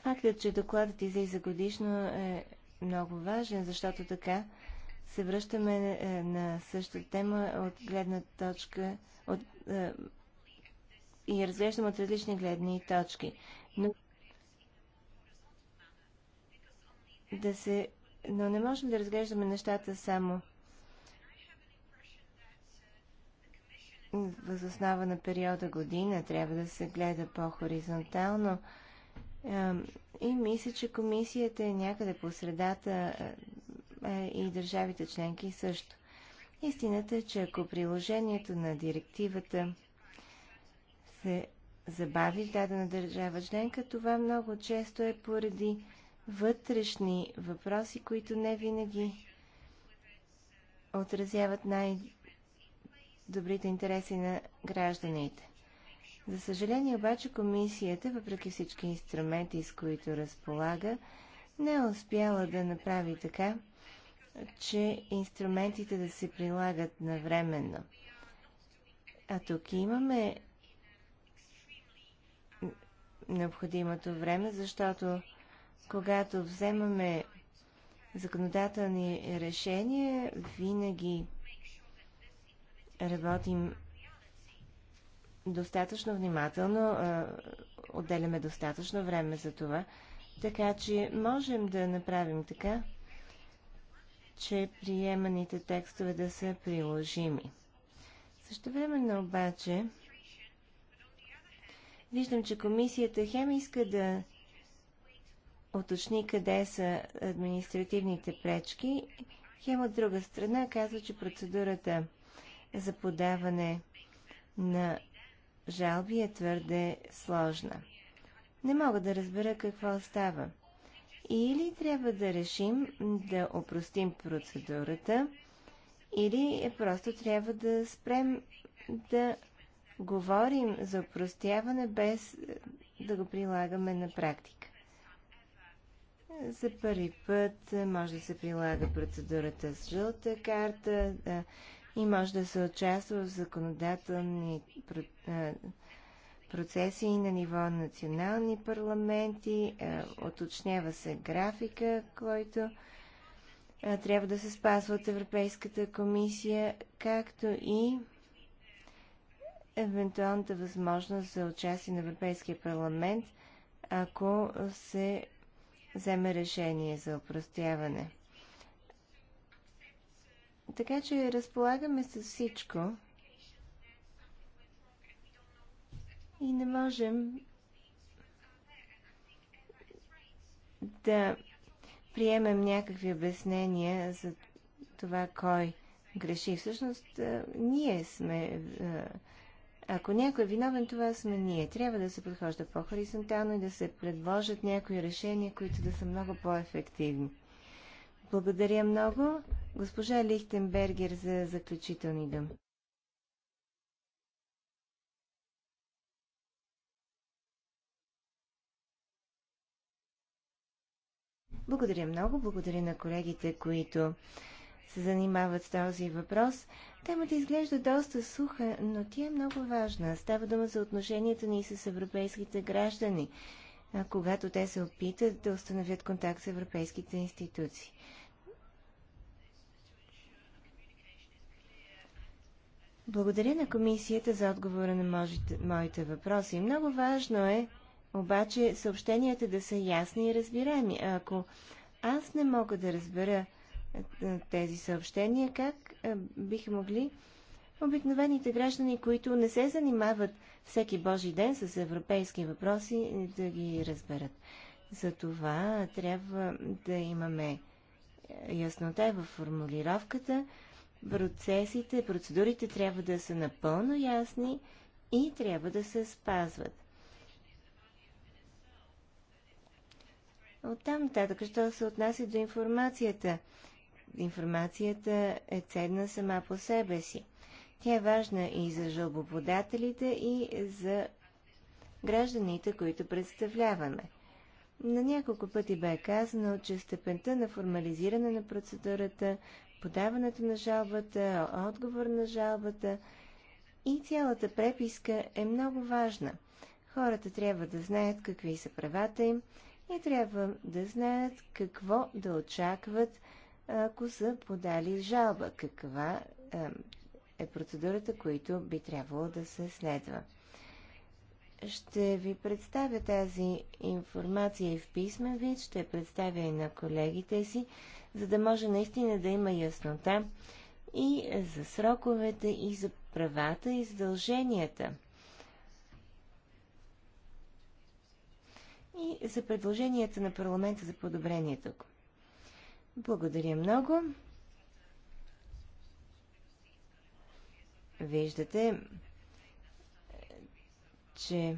Фактът, че докладът излиза годишно е много важен, защото така се връщаме е, на същата тема от гледна точка от, е, и разглеждаме от различни гледни точки. Но, да се, но не можем да разглеждаме нещата само въз основа на периода година. Трябва да се гледа по-хоризонтално. И мисля, че комисията е някъде по средата е, и държавите членки също. Истината е, че ако приложението на директивата се забави в дадена държава членка, това много често е поради вътрешни въпроси, които не винаги отразяват най-добрите интереси на гражданите. За съжаление обаче комисията, въпреки всички инструменти, с които разполага, не е успяла да направи така, че инструментите да се прилагат навременно. А тук имаме необходимото време, защото когато вземаме законодателни решения, винаги работим достатъчно внимателно, отделяме достатъчно време за това, така че можем да направим така, че приеманите текстове да са приложими. Също времено обаче виждам, че комисията хем иска да уточни къде са административните пречки, хем от друга страна казва, че процедурата за подаване на жалби е твърде сложна. Не мога да разбера какво става. Или трябва да решим да опростим процедурата, или просто трябва да спрем да говорим за опростяване без е, да го прилагаме на практика. За първи път е, може да се прилага процедурата с жълта карта да, е, и може да се участва в законодателни процеси на ниво национални парламенти, оточнява е, се графика, който е, трябва да се спазва от Европейската комисия, както и евентуалната възможност за участие на Европейския парламент, ако се вземе решение за упростяване. Така че разполагаме с всичко, и не можем да приемем някакви обяснения за това кой греши. Всъщност, ние сме. Ако някой е виновен, това сме ние. Трябва да се подхожда по-хоризонтално и да се предложат някои решения, които да са много по-ефективни. Благодаря много, госпожа Лихтенбергер, за заключителни думи. Благодаря много. Благодаря на колегите, които се занимават с този въпрос. Темата изглежда доста суха, но тя е много важна. Става дума за отношенията ни с европейските граждани, когато те се опитат да установят контакт с европейските институции. Благодаря на комисията за отговора на моите въпроси. Много важно е обаче съобщенията да са ясни и разбираеми. А ако аз не мога да разбера е, тези съобщения, как е, биха могли обикновените граждани, които не се занимават всеки Божи ден с европейски въпроси, да ги разберат. За това трябва да имаме е, яснота в формулировката. Процесите, процедурите трябва да са напълно ясни и трябва да се спазват. Оттам нататък, що се отнася до информацията. Информацията е ценна сама по себе си. Тя е важна и за жалбоподателите, и за гражданите, които представляваме. На няколко пъти бе казано, че степента на формализиране на процедурата, подаването на жалбата, отговор на жалбата и цялата преписка е много важна. Хората трябва да знаят какви са правата им, и трябва да знаят какво да очакват, ако са подали жалба, каква е процедурата, която би трябвало да се следва. Ще ви представя тази информация и в писмен вид, ще представя и на колегите си, за да може наистина да има яснота и за сроковете, и за правата и задълженията – и за предложенията на парламента за подобрение тук. Благодаря много. Виждате, че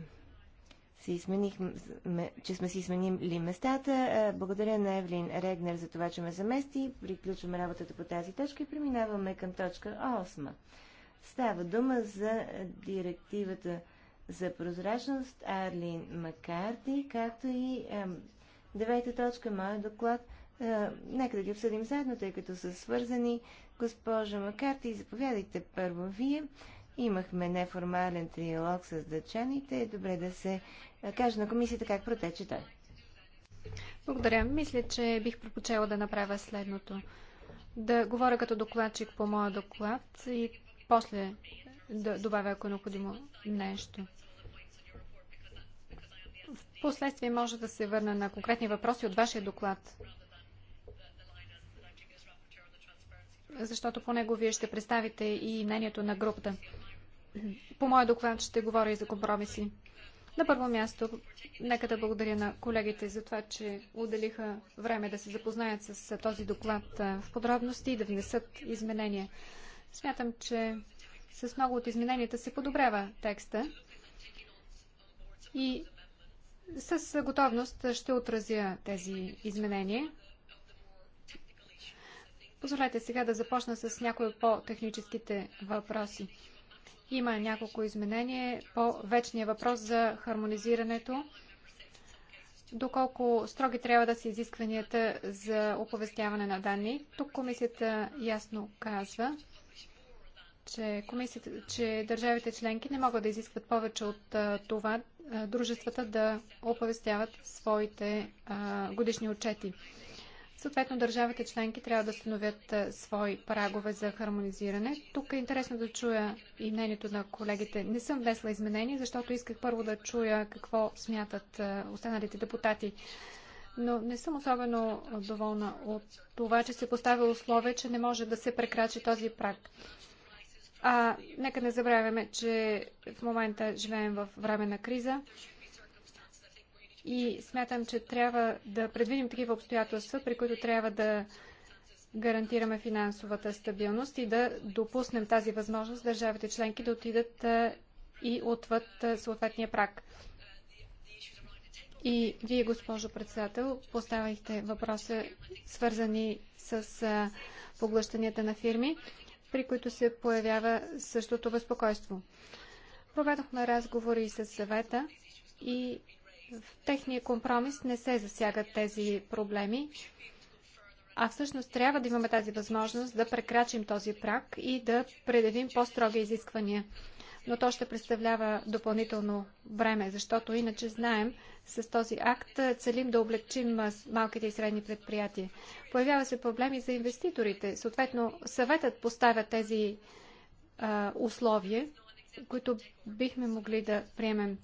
си изменихме, че сме си сменили местата. Благодаря на Евлин Регнер за това, че ме замести. Приключваме работата по тази точка и преминаваме към точка 8. Става дума за директивата за прозрачност Арлин Маккарти, както и девета точка, моят доклад. Е, нека да ги обсъдим заедно, тъй като са свързани. Госпожа Макарти, заповядайте първо вие. Имахме неформален триалог с дъчаните. Е добре да се е, каже на комисията как протече той. Благодаря. Мисля, че бих предпочела да направя следното. Да говоря като докладчик по моя доклад и после да добавя, ако е необходимо, нещо последствие може да се върна на конкретни въпроси от вашия доклад. Защото по него вие ще представите и мнението на групата. По моя доклад ще говоря и за компромиси. На първо място, нека да благодаря на колегите за това, че отделиха време да се запознаят с този доклад в подробности и да внесат изменения. Смятам, че с много от измененията се подобрява текста и с готовност ще отразя тези изменения. Позволете сега да започна с някои от по-техническите въпроси. Има няколко изменения по вечния въпрос за хармонизирането. Доколко строги трябва да са изискванията за оповестяване на данни, тук комисията ясно казва, че, комисията, че държавите членки не могат да изискват повече от това дружествата да оповестяват своите годишни отчети. Съответно, държавите членки трябва да установят свои прагове за хармонизиране. Тук е интересно да чуя и мнението на колегите. Не съм внесла изменения, защото исках първо да чуя какво смятат останалите депутати. Но не съм особено доволна от това, че се поставя условие, че не може да се прекрачи този праг. А, нека не забравяме, че в момента живеем в време на криза и смятам, че трябва да предвидим такива обстоятелства, при които трябва да гарантираме финансовата стабилност и да допуснем тази възможност държавите членки да отидат и отвъд съответния прак. И вие, госпожо председател, поставихте въпроса, свързани с поглъщанията на фирми при които се появява същото безпокойство. Проведохме разговори с съвета и в техния компромис не се засягат тези проблеми, а всъщност трябва да имаме тази възможност да прекрачим този прак и да предявим по-строги изисквания но то ще представлява допълнително време, защото иначе знаем, с този акт целим да облегчим малките и средни предприятия. Появява се проблеми за инвеститорите. Съответно, съветът поставя тези а, условия, които бихме могли да приемем.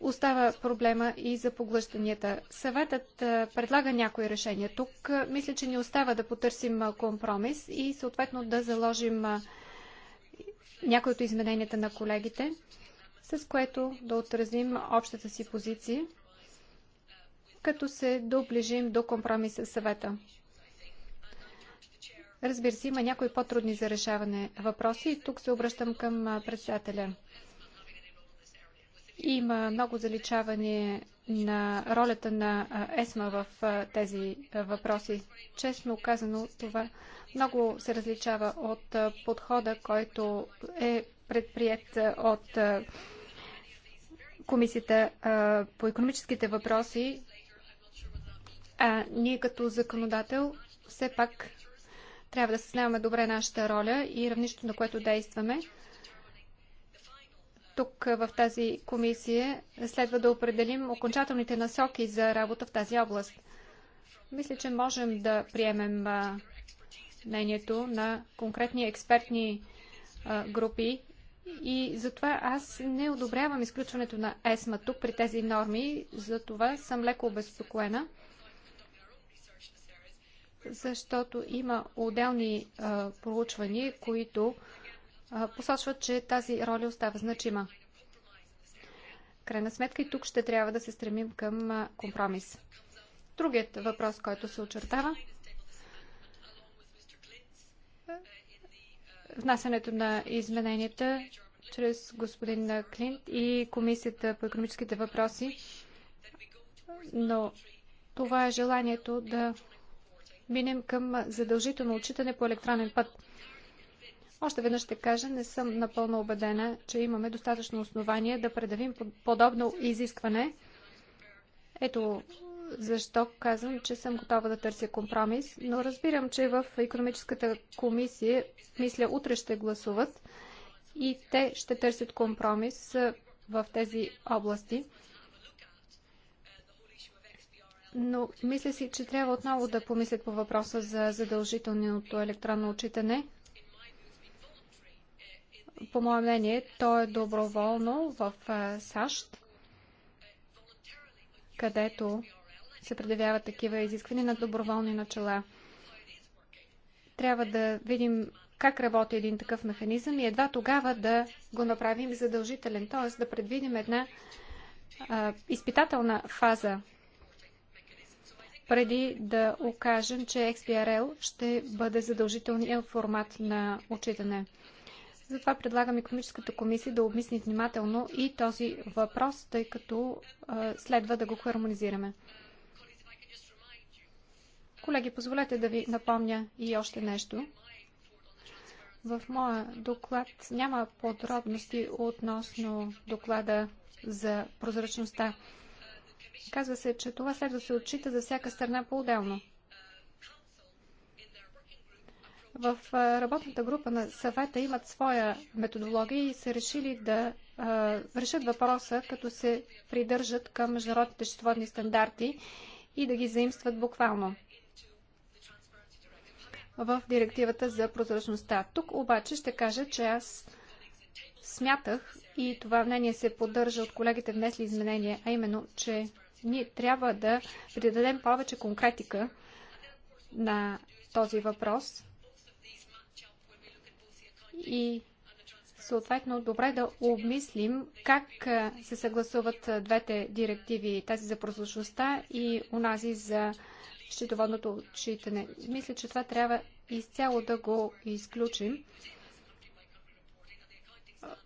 Остава проблема и за поглъщанията. Съветът предлага някои решения. Тук мисля, че ни остава да потърсим компромис и съответно да заложим някои от измененията на колегите, с което да отразим общата си позиция, като се доближим до компромис с съвета. Разбира се, има някои по-трудни за решаване въпроси и тук се обръщам към председателя. Има много заличаване на ролята на ЕСМА в тези въпроси. Честно казано, това много се различава от подхода, който е предприят от Комисията по економическите въпроси. А ние като законодател все пак трябва да съзнаваме добре нашата роля и равнището, на което действаме тук в тази комисия следва да определим окончателните насоки за работа в тази област. Мисля, че можем да приемем мнението на конкретни експертни групи и затова аз не одобрявам изключването на ЕСМА тук при тези норми, затова съм леко обезпокоена, защото има отделни проучвания, които посочват, че тази роля остава значима. Крайна сметка и тук ще трябва да се стремим към компромис. Другият въпрос, който се очертава, е, внасянето на измененията чрез господин Клинт и Комисията по економическите въпроси, но това е желанието да минем към задължително отчитане по електронен път. Още веднъж ще кажа, не съм напълно убедена, че имаме достатъчно основание да предавим подобно изискване. Ето защо казвам, че съм готова да търся компромис, но разбирам, че в економическата комисия, мисля, утре ще гласуват и те ще търсят компромис в тези области. Но мисля си, че трябва отново да помислят по въпроса за задължителното електронно отчитане – по мое мнение, то е доброволно в САЩ, където се предявяват такива изисквания на доброволни начала. Трябва да видим как работи един такъв механизъм и едва тогава да го направим задължителен, т.е. да предвидим една а, изпитателна фаза преди да окажем, че XBRL ще бъде задължителният формат на отчитане. Затова предлагам економическата комисия да обмисли внимателно и този въпрос, тъй като а, следва да го хармонизираме. Колеги, позволете да ви напомня и още нещо. В моя доклад няма подробности относно доклада за прозрачността. Казва се, че това следва да се отчита за всяка страна по-отделно. В работната група на съвета имат своя методология и са решили да а, решат въпроса, като се придържат към международните счетоводни стандарти и да ги заимстват буквално в директивата за прозрачността. Тук обаче ще кажа, че аз смятах и това мнение се поддържа от колегите внесли изменения, а именно, че ние трябва да придадем повече конкретика на този въпрос и съответно добре да обмислим как се съгласуват двете директиви, тази за прозрачността и унази за счетоводното отчитане. Мисля, че това трябва изцяло да го изключим.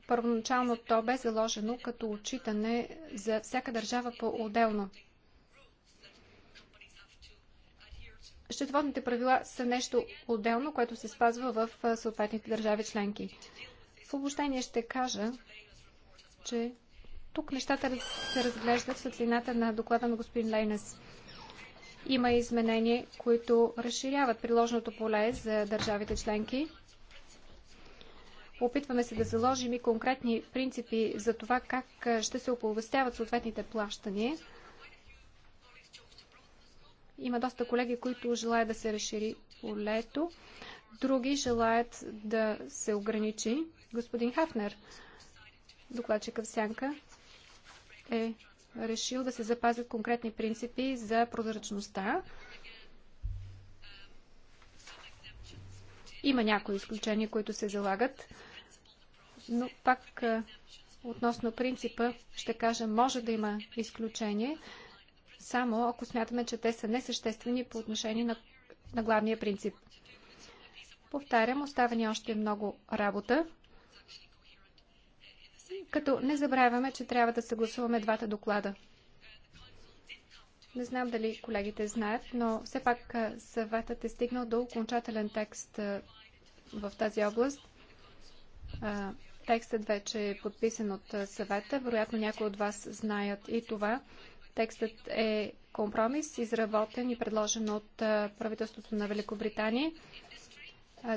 Първоначално то бе заложено като отчитане за всяка държава по-отделно. Счетоводните правила са нещо отделно, което се спазва в съответните държави членки. В обобщение ще кажа, че тук нещата се разглеждат в светлината на доклада на господин Лейнес. Има изменения, които разширяват приложното поле за държавите членки. Опитваме се да заложим и конкретни принципи за това как ще се оповестяват съответните плащания – има доста колеги, които желаят да се разшири полето. Други желаят да се ограничи. Господин Хафнер, докладчика в сянка, е решил да се запазят конкретни принципи за прозрачността. Има някои изключения, които се залагат, но пак относно принципа ще кажа, може да има изключение, само ако смятаме, че те са несъществени по отношение на, на главния принцип. Повтарям, остава ни още много работа, като не забравяме, че трябва да съгласуваме двата доклада. Не знам дали колегите знаят, но все пак съветът е стигнал до окончателен текст в тази област. Текстът вече е подписан от съвета. Вероятно някои от вас знаят и това. Текстът е компромис, изработен и предложен от правителството на Великобритания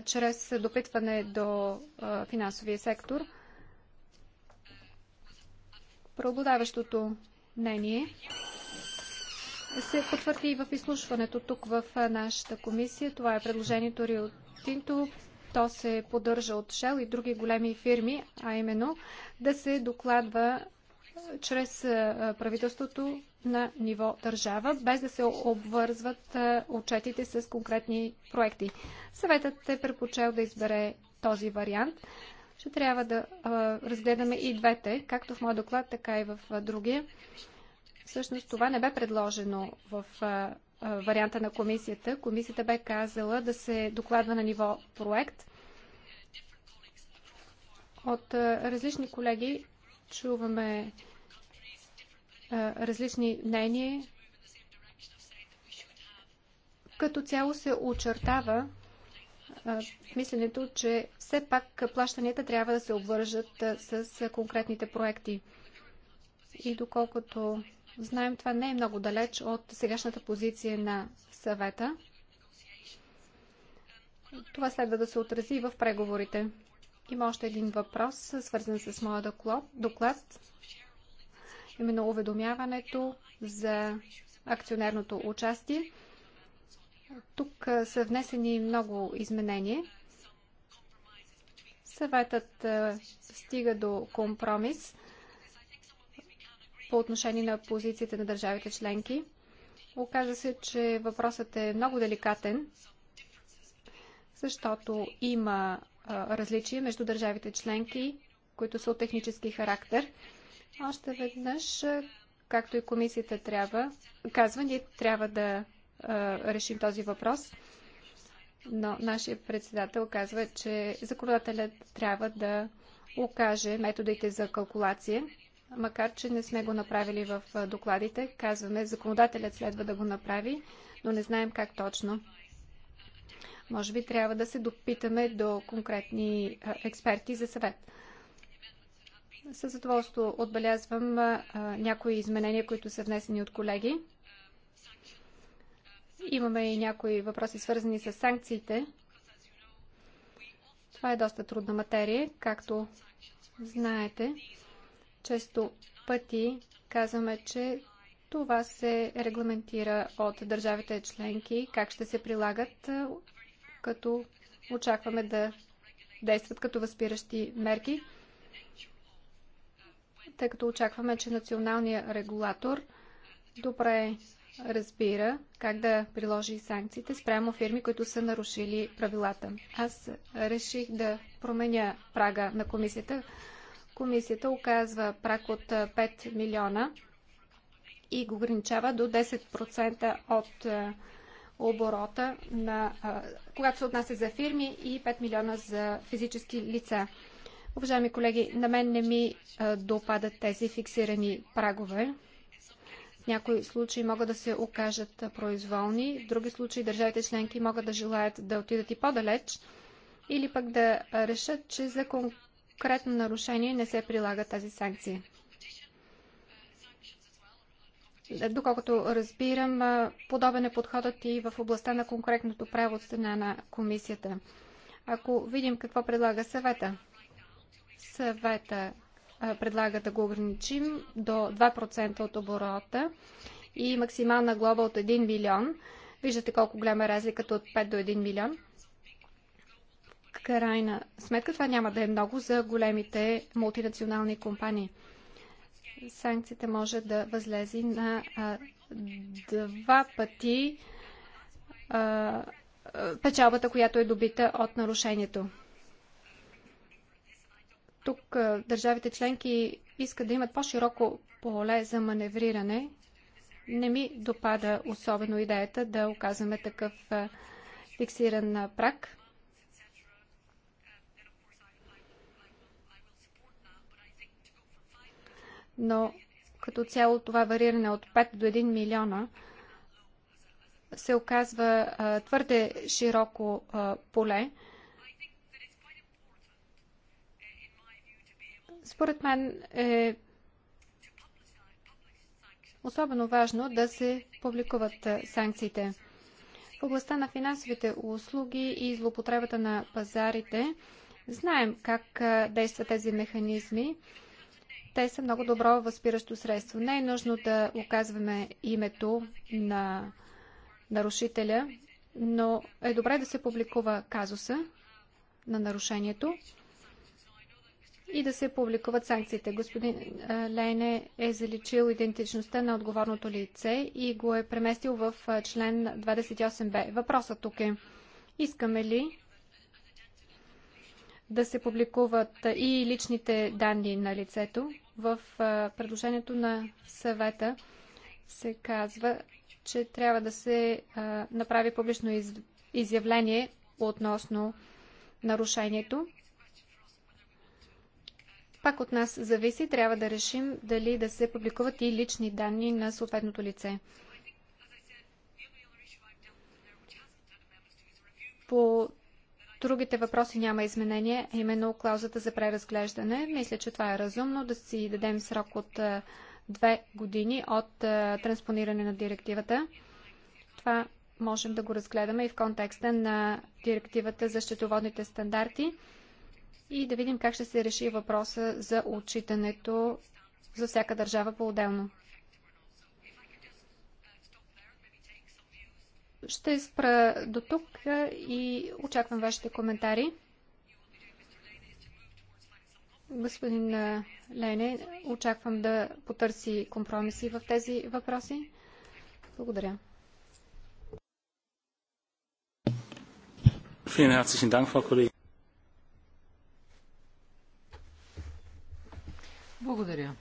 чрез допитване до финансовия сектор. Преобладаващото мнение се потвърди и в изслушването тук в нашата комисия. Това е предложението Рио Тинто. То се поддържа от Shell и други големи фирми, а именно да се докладва чрез правителството на ниво държава, без да се обвързват е, отчетите с конкретни проекти. Съветът е предпочел да избере този вариант. Ще трябва да е, разгледаме и двете, както в моят доклад, така и в е, другия. Всъщност това не бе предложено в варианта на комисията. Комисията бе казала да се докладва на ниво проект. От различни колеги чуваме различни мнения. Като цяло се очертава мисленето, че все пак плащанията трябва да се обвържат с конкретните проекти. И доколкото знаем, това не е много далеч от сегашната позиция на съвета. Това следва да се отрази и в преговорите. Има още един въпрос, свързан с моя доклад именно уведомяването за акционерното участие. Тук са внесени много изменения. Съветът стига до компромис по отношение на позициите на държавите членки. Оказа се, че въпросът е много деликатен, защото има различия между държавите членки, които са от технически характер. Още веднъж, както и комисията трябва, казва, ние трябва да решим този въпрос. Но нашия председател казва, че законодателят трябва да окаже методите за калкулация, макар че не сме го направили в докладите. Казваме, законодателят следва да го направи, но не знаем как точно. Може би трябва да се допитаме до конкретни експерти за съвет. Със задоволство отбелязвам някои изменения, които са внесени от колеги. Имаме и някои въпроси, свързани с санкциите. Това е доста трудна материя, както знаете. Често пъти казваме, че това се регламентира от държавите членки, как ще се прилагат, като очакваме да действат като възпиращи мерки тъй като очакваме, че националният регулатор добре разбира как да приложи санкциите спрямо фирми, които са нарушили правилата. Аз реших да променя прага на комисията. Комисията оказва праг от 5 милиона и го ограничава до 10% от оборота, на, когато се отнася за фирми и 5 милиона за физически лица. Уважаеми колеги, на мен не ми допадат тези фиксирани прагове. В някои случаи могат да се окажат произволни, в други случаи държавите членки могат да желаят да отидат и по-далеч или пък да решат, че за конкретно нарушение не се прилага тази санкция. Доколкото разбирам, подобен е подходът и в областта на конкретното право от страна на комисията. Ако видим какво предлага съвета, Съвета предлага да го ограничим до 2% от оборота и максимална глоба от 1 милион. Виждате колко голяма е разликата от 5 до 1 милион. крайна сметка това няма да е много за големите мултинационални компании. Санкциите може да възлези на а, два пъти а, печалбата, която е добита от нарушението. Тук държавите членки искат да имат по-широко поле за маневриране. Не ми допада особено идеята да оказваме такъв фиксиран прак. Но като цяло това вариране от 5 до 1 милиона се оказва а, твърде широко а, поле Според мен е особено важно да се публикуват е, санкциите. В областта на финансовите услуги и злопотребата на пазарите знаем как е, действат тези механизми. Те са много добро възпиращо средство. Не е нужно да оказваме името на нарушителя, но е добре да се публикува казуса на нарушението и да се публикуват санкциите. Господин Лейне е заличил идентичността на отговорното лице и го е преместил в член 28б. Въпросът тук е, искаме ли да се публикуват и личните данни на лицето? В предложението на съвета се казва, че трябва да се направи публично изявление относно нарушението пак от нас зависи, трябва да решим дали да се публикуват и лични данни на съответното лице. По другите въпроси няма изменение, именно клаузата за преразглеждане. Мисля, че това е разумно да си дадем срок от две години от транспониране на директивата. Това можем да го разгледаме и в контекста на директивата за щетоводните стандарти и да видим как ще се реши въпроса за отчитането за всяка държава по-отделно. Ще спра до тук и очаквам вашите коментари. Господин Лене, очаквам да потърси компромиси в тези въпроси. Благодаря. Благодаря.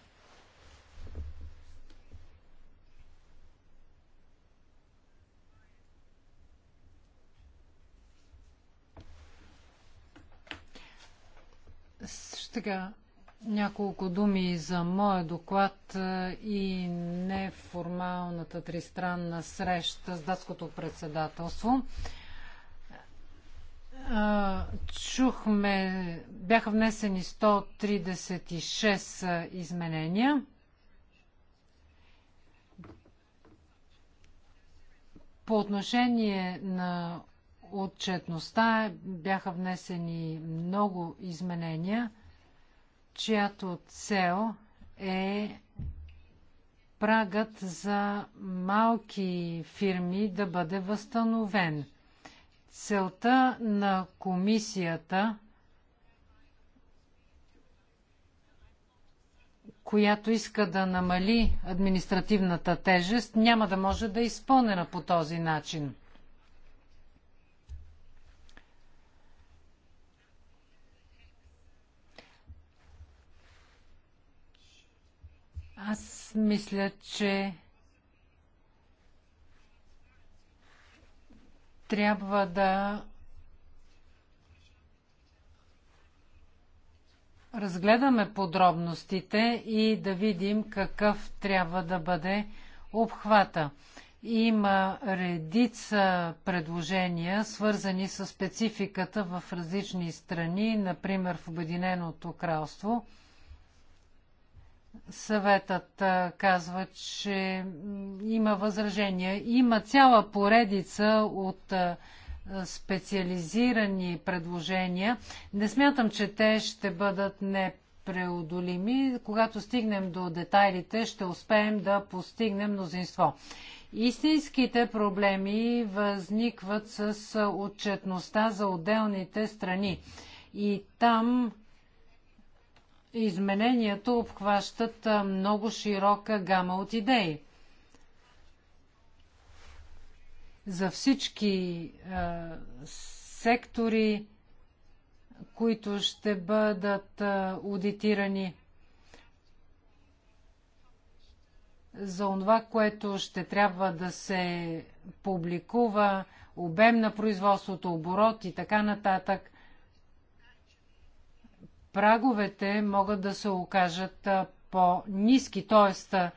Сега няколко думи за моя доклад е, и неформалната тристранна среща с датското председателство. А, чухме, бяха внесени 136 изменения. По отношение на отчетността бяха внесени много изменения, чиято цел е прагът за малки фирми да бъде възстановен – Целта на комисията, която иска да намали административната тежест, няма да може да е изпълнена по този начин. Аз мисля, че трябва да разгледаме подробностите и да видим какъв трябва да бъде обхвата. Има редица предложения, свързани с спецификата в различни страни, например в Обединеното кралство – Съветът казва, че има възражения. Има цяла поредица от специализирани предложения. Не смятам, че те ще бъдат непреодолими. Когато стигнем до детайлите, ще успеем да постигнем мнозинство. Истинските проблеми възникват с отчетността за отделните страни. И там изменението обхващат много широка гама от идеи. За всички а, сектори, които ще бъдат а, аудитирани, за това, което ще трябва да се публикува, обем на производството, оборот и така нататък – праговете могат да се окажат по-низки, т.е.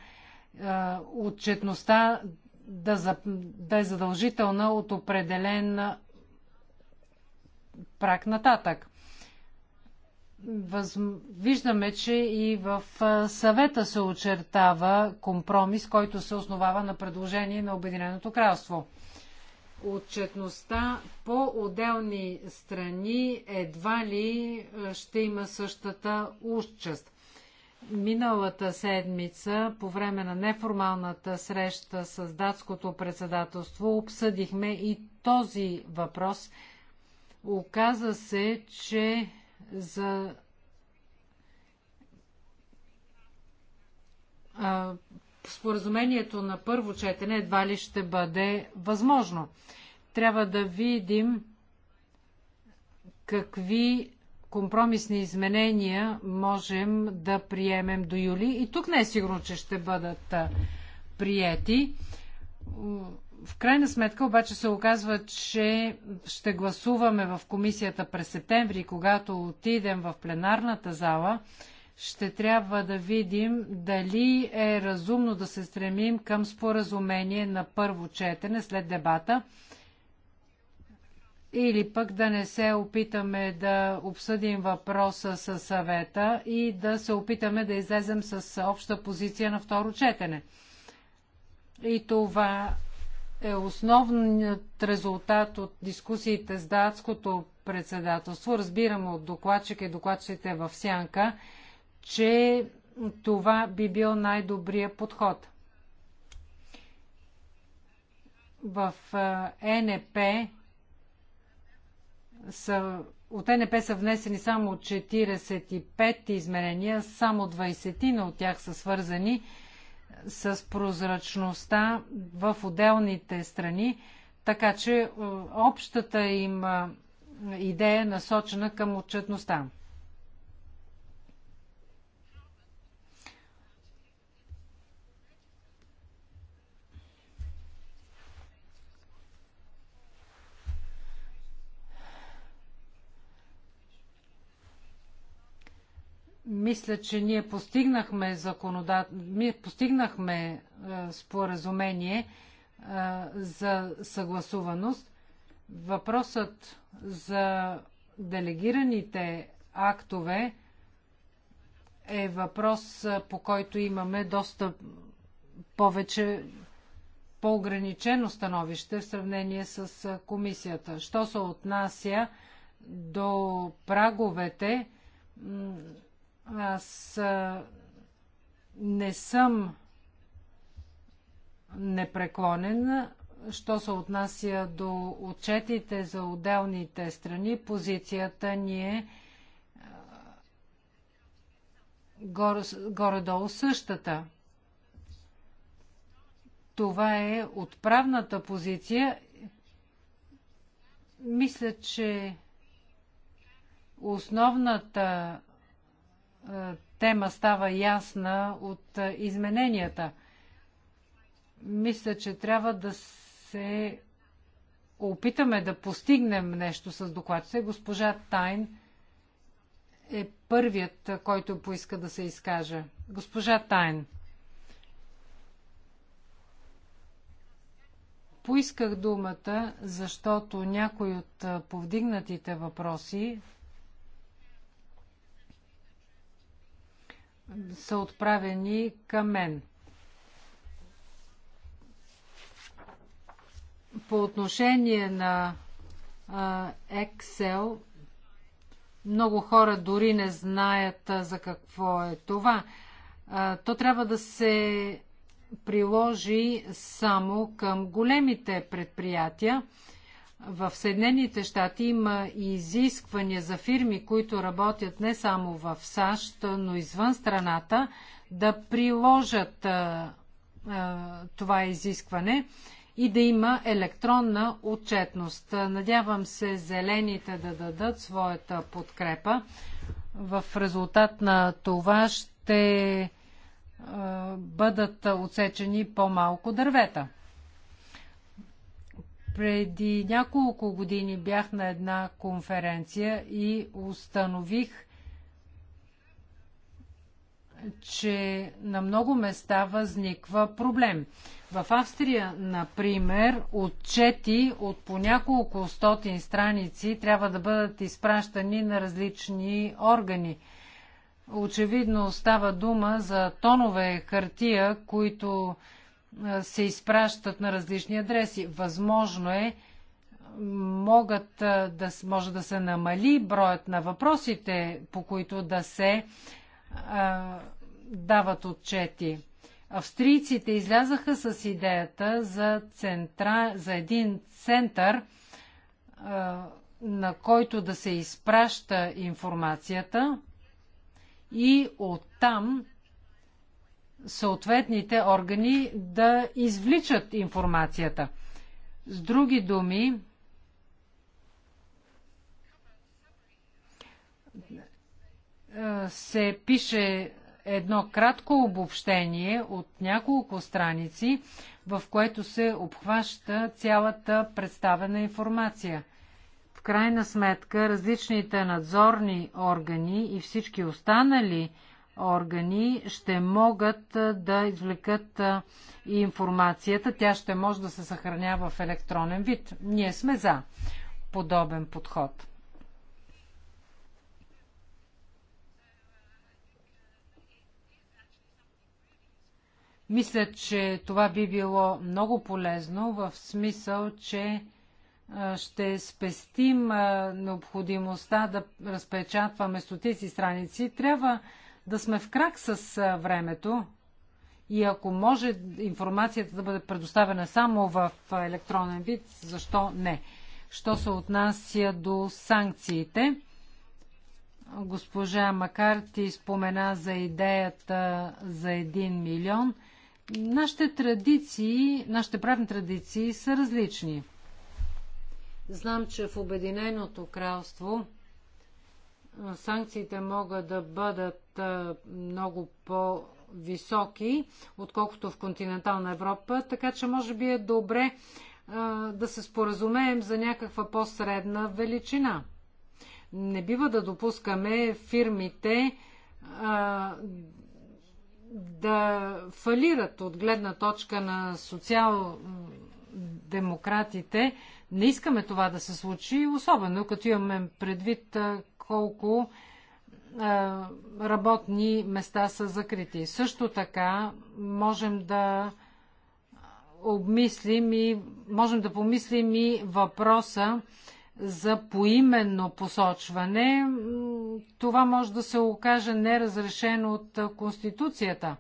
отчетността да, за, да е задължителна от определен прак нататък. Въз... Виждаме, че и в съвета се очертава компромис, който се основава на предложение на Обединеното кралство отчетността по отделни страни едва ли е, ще има същата участ. Миналата седмица, по време на неформалната среща с датското председателство, обсъдихме и този въпрос. Оказа се, че за споразумението на първо четене едва ли ще бъде възможно. Трябва да видим какви компромисни изменения можем да приемем до юли. И тук не е сигурно, че ще бъдат приети. В крайна сметка обаче се оказва, че ще гласуваме в комисията през септември, когато отидем в пленарната зала ще трябва да видим дали е разумно да се стремим към споразумение на първо четене след дебата или пък да не се опитаме да обсъдим въпроса с съвета и да се опитаме да излезем с обща позиция на второ четене. И това е основният резултат от дискусиите с датското председателство. Разбираме от докладчика и докладчите в сянка, че това би бил най-добрия подход. В НП са, от НП са внесени само 45 изменения, само 20 от тях са свързани с прозрачността в отделните страни, така че общата им идея е насочена към отчетността. Мисля, че ние постигнахме, законодат... ние постигнахме е, споразумение е, за съгласуваност. Въпросът за делегираните актове е въпрос, е, по който имаме доста повече по-ограничено становище в сравнение с комисията. Що се отнася до праговете, аз не съм непреклонен. Що се отнася до отчетите за отделните страни, позицията ни е горе-долу същата. Това е отправната позиция. Мисля, че основната е, тема става ясна от е, измененията. Мисля, че трябва да се опитаме да постигнем нещо с докладите. Госпожа Тайн е първият, е, който поиска да се изкаже. Госпожа Тайн. Поисках думата, защото някои от повдигнатите въпроси са отправени към мен. По отношение на Excel, много хора дори не знаят за какво е това. То трябва да се приложи само към големите предприятия в Съединените щати има изисквания за фирми, които работят не само в САЩ, но извън страната, да приложат а, а, това изискване и да има електронна отчетност. Надявам се зелените да дадат своята подкрепа. В резултат на това ще бъдат отсечени по-малко дървета. Преди няколко години бях на една конференция и установих, че на много места възниква проблем. В Австрия, например, отчети от по няколко стотин страници трябва да бъдат изпращани на различни органи. Очевидно става дума за тонове хартия, които се изпращат на различни адреси. Възможно е, могат да, може да се намали броят на въпросите, по които да се а, дават отчети. Австрийците излязаха с идеята за, центра, за един център, а, на който да се изпраща информацията и оттам съответните органи да извличат информацията. С други думи, се пише едно кратко обобщение от няколко страници, в което се обхваща цялата представена информация. В крайна сметка, различните надзорни органи и всички останали органи ще могат да извлекат информацията. Тя ще може да се съхранява в електронен вид. Ние сме за подобен подход. Мисля, че това би било много полезно в смисъл, че ще спестим необходимостта да разпечатваме стотици страници. Трябва да сме в крак с времето и ако може информацията да бъде предоставена само в електронен вид, защо не? Що се отнася до санкциите, госпожа Макарти спомена за идеята за 1 милион. Нашите традиции, нашите правни традиции са различни. Знам, че в Обединеното кралство санкциите могат да бъдат много по-високи, отколкото в континентална Европа, така че може би е добре а, да се споразумеем за някаква по-средна величина. Не бива да допускаме фирмите а, да фалират от гледна точка на социал-демократите. Не искаме това да се случи, особено като имаме предвид колко работни места са закрити. Също така можем да обмислим и можем да помислим и въпроса за поименно посочване. Това може да се окаже неразрешено от Конституцията.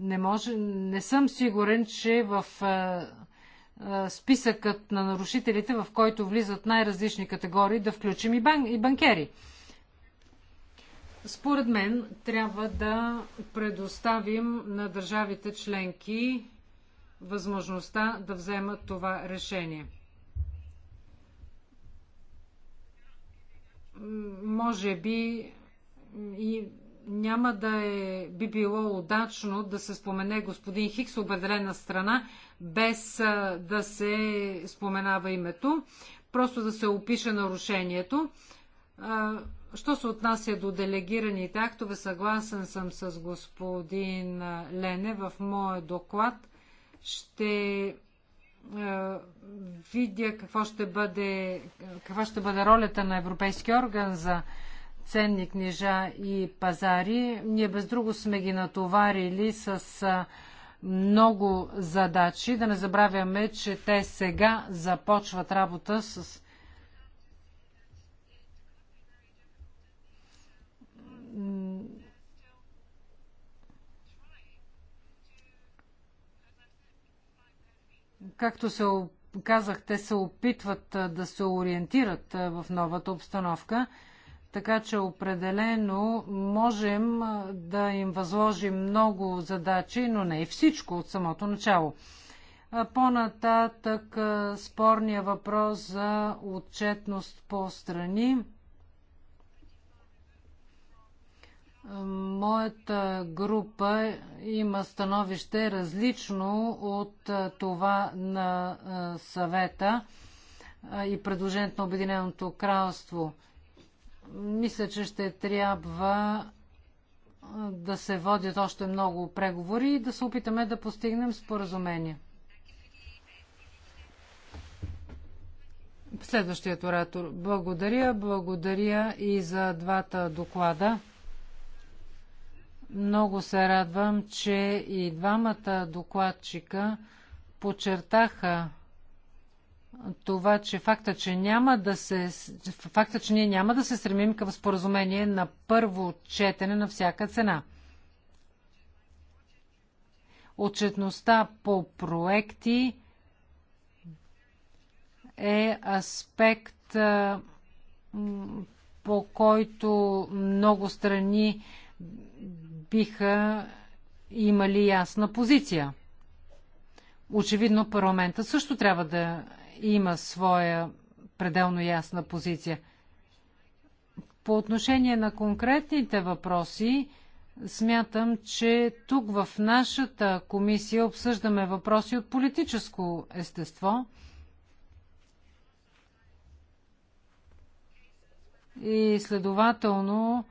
Не, може, не съм сигурен, че в списъкът на нарушителите, в който влизат най-различни категории, да включим и, бан, и банкери. Според мен трябва да предоставим на държавите членки възможността да вземат това решение. Може би и няма да е, би било удачно да се спомене господин Хикс, определена страна, без да се споменава името, просто да се опише нарушението. Що се отнася до делегираните актове, съгласен съм с господин Лене. В моя доклад ще видя какво ще бъде, каква ще бъде ролята на Европейския орган за ценни книжа и пазари. Ние без друго сме ги натоварили с много задачи. Да не забравяме, че те сега започват работа с както се казах, те се опитват да се ориентират в новата обстановка. Така че определено можем да им възложим много задачи, но не и всичко от самото начало. По-нататък спорния въпрос за отчетност по страни. Моята група има становище различно от това на съвета и предложението на Обединеното кралство – мисля, че ще трябва да се водят още много преговори и да се опитаме да постигнем споразумение. Следващият оратор. Благодаря, благодаря и за двата доклада. Много се радвам, че и двамата докладчика подчертаха това, че факта, че няма да се, факта, че ние няма да се стремим към споразумение на първо четене на всяка цена. Отчетността по проекти е аспект, по който много страни биха имали ясна позиция. Очевидно парламента също трябва да има своя пределно ясна позиция. По отношение на конкретните въпроси, смятам, че тук в нашата комисия обсъждаме въпроси от политическо естество. И следователно,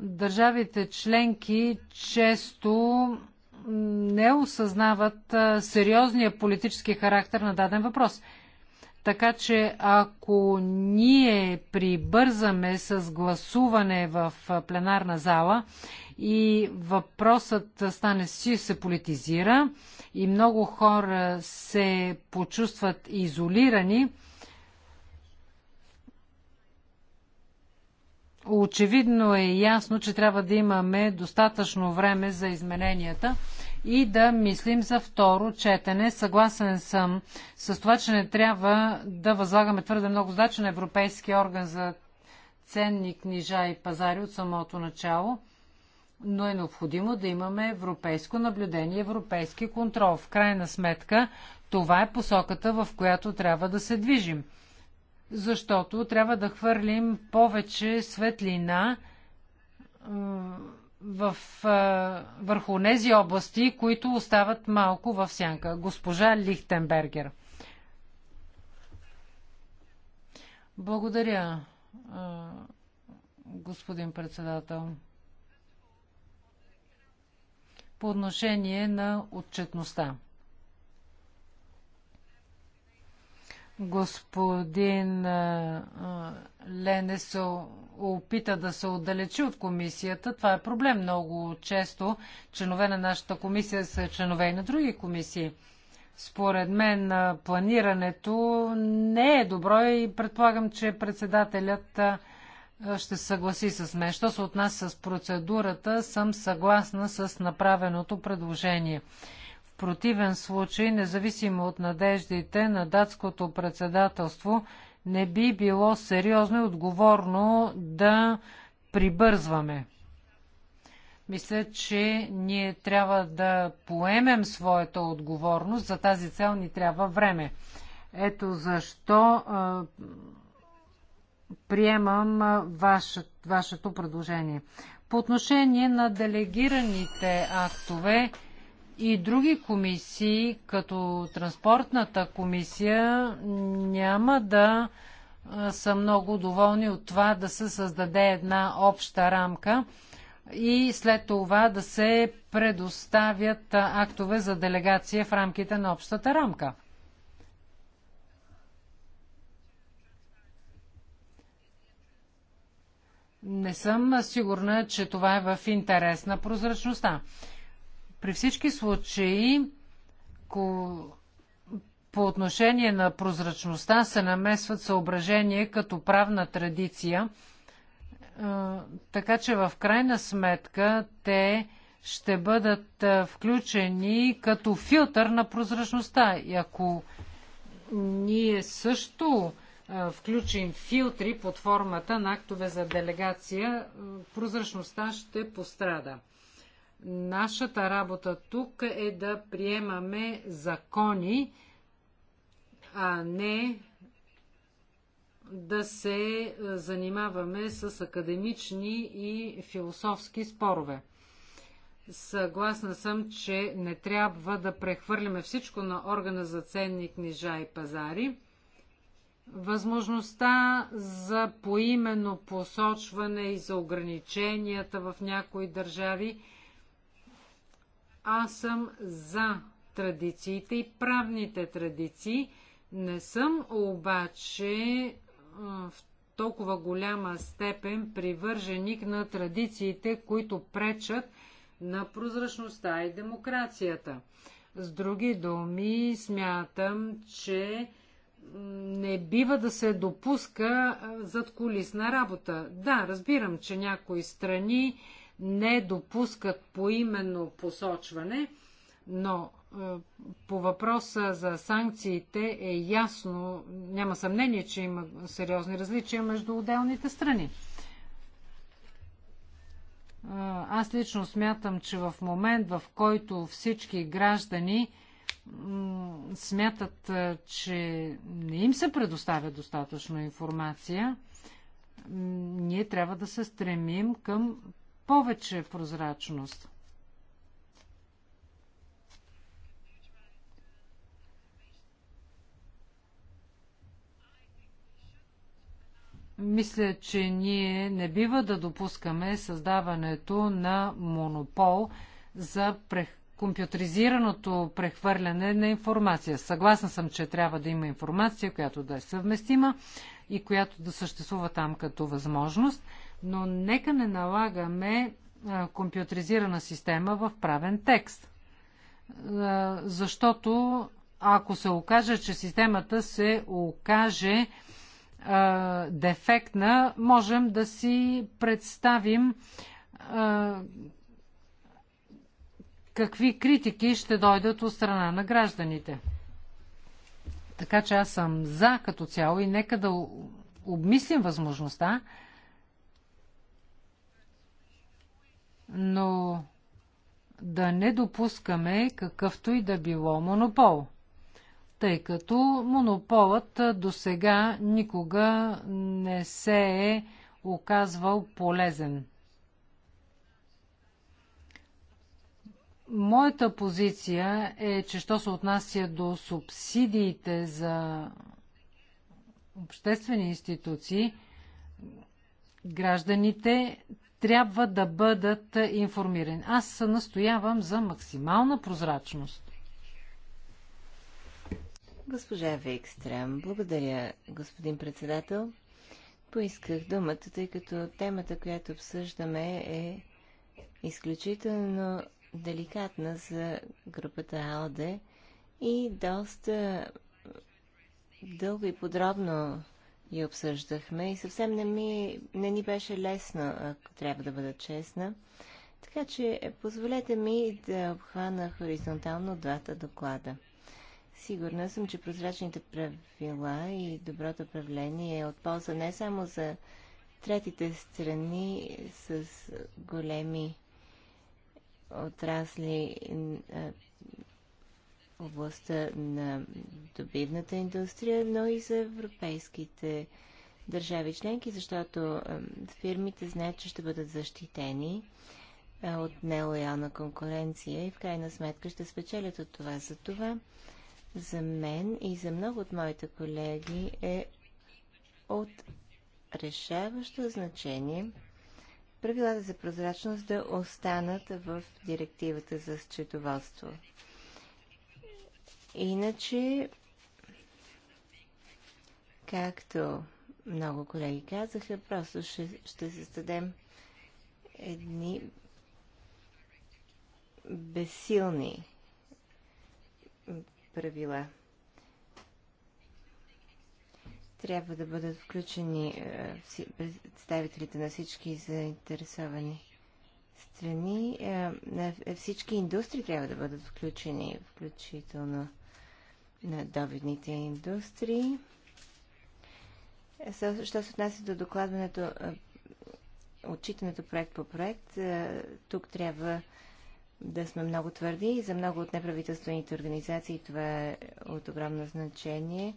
държавите членки често не осъзнават сериозния политически характер на даден въпрос. Така че ако ние прибързаме с гласуване в пленарна зала и въпросът стане си се политизира и много хора се почувстват изолирани, Очевидно е ясно, че трябва да имаме достатъчно време за измененията и да мислим за второ четене. Съгласен съм с това, че не трябва да възлагаме твърде много задачи на Европейски орган за ценни книжа и пазари от самото начало, но е необходимо да имаме европейско наблюдение, европейски контрол. В крайна сметка, това е посоката, в която трябва да се движим. Защото трябва да хвърлим повече светлина в, върху тези области, които остават малко в сянка. Госпожа Лихтенбергер. Благодаря, господин председател. По отношение на отчетността. господин Лене се опита да се отдалечи от комисията. Това е проблем. Много често членове на нашата комисия са членове и на други комисии. Според мен планирането не е добро и предполагам, че председателят ще съгласи с мен. Що се отнася с процедурата, съм съгласна с направеното предложение противен случай, независимо от надеждите на датското председателство, не би било сериозно и отговорно да прибързваме. Мисля, че ние трябва да поемем своята отговорност. За тази цел ни трябва време. Ето защо а, приемам а, ваше, вашето предложение. По отношение на делегираните актове, и други комисии, като транспортната комисия, няма да са много доволни от това да се създаде една обща рамка и след това да се предоставят актове за делегация в рамките на общата рамка. Не съм сигурна, че това е в интерес на прозрачността. При всички случаи, по отношение на прозрачността се намесват съображения като правна традиция, така че в крайна сметка те ще бъдат включени като филтър на прозрачността. И ако ние също включим филтри под формата на актове за делегация, прозрачността ще пострада. Нашата работа тук е да приемаме закони, а не да се занимаваме с академични и философски спорове. Съгласна съм, че не трябва да прехвърляме всичко на органа за ценни книжа и пазари. Възможността за поименно посочване и за ограниченията в някои държави – аз съм за традициите и правните традиции. Не съм обаче в толкова голяма степен привърженик на традициите, които пречат на прозрачността и демокрацията. С други думи, смятам, че не бива да се допуска зад колисна работа. Да, разбирам, че някои страни не допускат поименно посочване, но е, по въпроса за санкциите е ясно, няма съмнение, че има сериозни различия между отделните страни. Е, аз лично смятам, че в момент, в който всички граждани смятат, е, че не им се предоставя достатъчно информация, ние трябва да се стремим към повече прозрачност. Мисля, че ние не бива да допускаме създаването на монопол за прех... компютризираното прехвърляне на информация. Съгласна съм, че трябва да има информация, която да е съвместима и която да съществува там като възможност – но нека не налагаме компютризирана система в правен текст. Защото ако се окаже, че системата се окаже дефектна, можем да си представим какви критики ще дойдат от страна на гражданите. Така че аз съм за като цяло и нека да обмислим възможността но да не допускаме какъвто и да било монопол, тъй като монополът до сега никога не се е оказвал полезен. Моята позиция е, че що се отнася до субсидиите за обществени институции, гражданите трябва да бъдат информирани. Аз настоявам за максимална прозрачност. Госпожа Викстрам, благодаря, господин председател. Поисках думата, тъй като темата, която обсъждаме е изключително деликатна за групата АЛДЕ и доста дълго и подробно и обсъждахме и съвсем не, ми, не ни беше лесно, ако трябва да бъда честна. Така че е, позволете ми да обхвана хоризонтално двата доклада. Сигурна съм, че прозрачните правила и доброто управление е от полза не само за третите страни с големи отрасли областта на добивната индустрия, но и за европейските държави членки, защото фирмите знаят, че ще бъдат защитени от нелоялна конкуренция и в крайна сметка ще спечелят от това. За това за мен и за много от моите колеги е от решаващо значение правилата за прозрачност да останат в директивата за счетоводство. Иначе, както много колеги казаха, просто ще, ще създадем едни безсилни правила. Трябва да бъдат включени е, представителите на всички заинтересовани страни. Е, всички индустрии трябва да бъдат включени, включително на добивните индустрии. Що се отнася до докладването, отчитането проект по проект, тук трябва да сме много твърди и за много от неправителствените организации това е от огромно значение.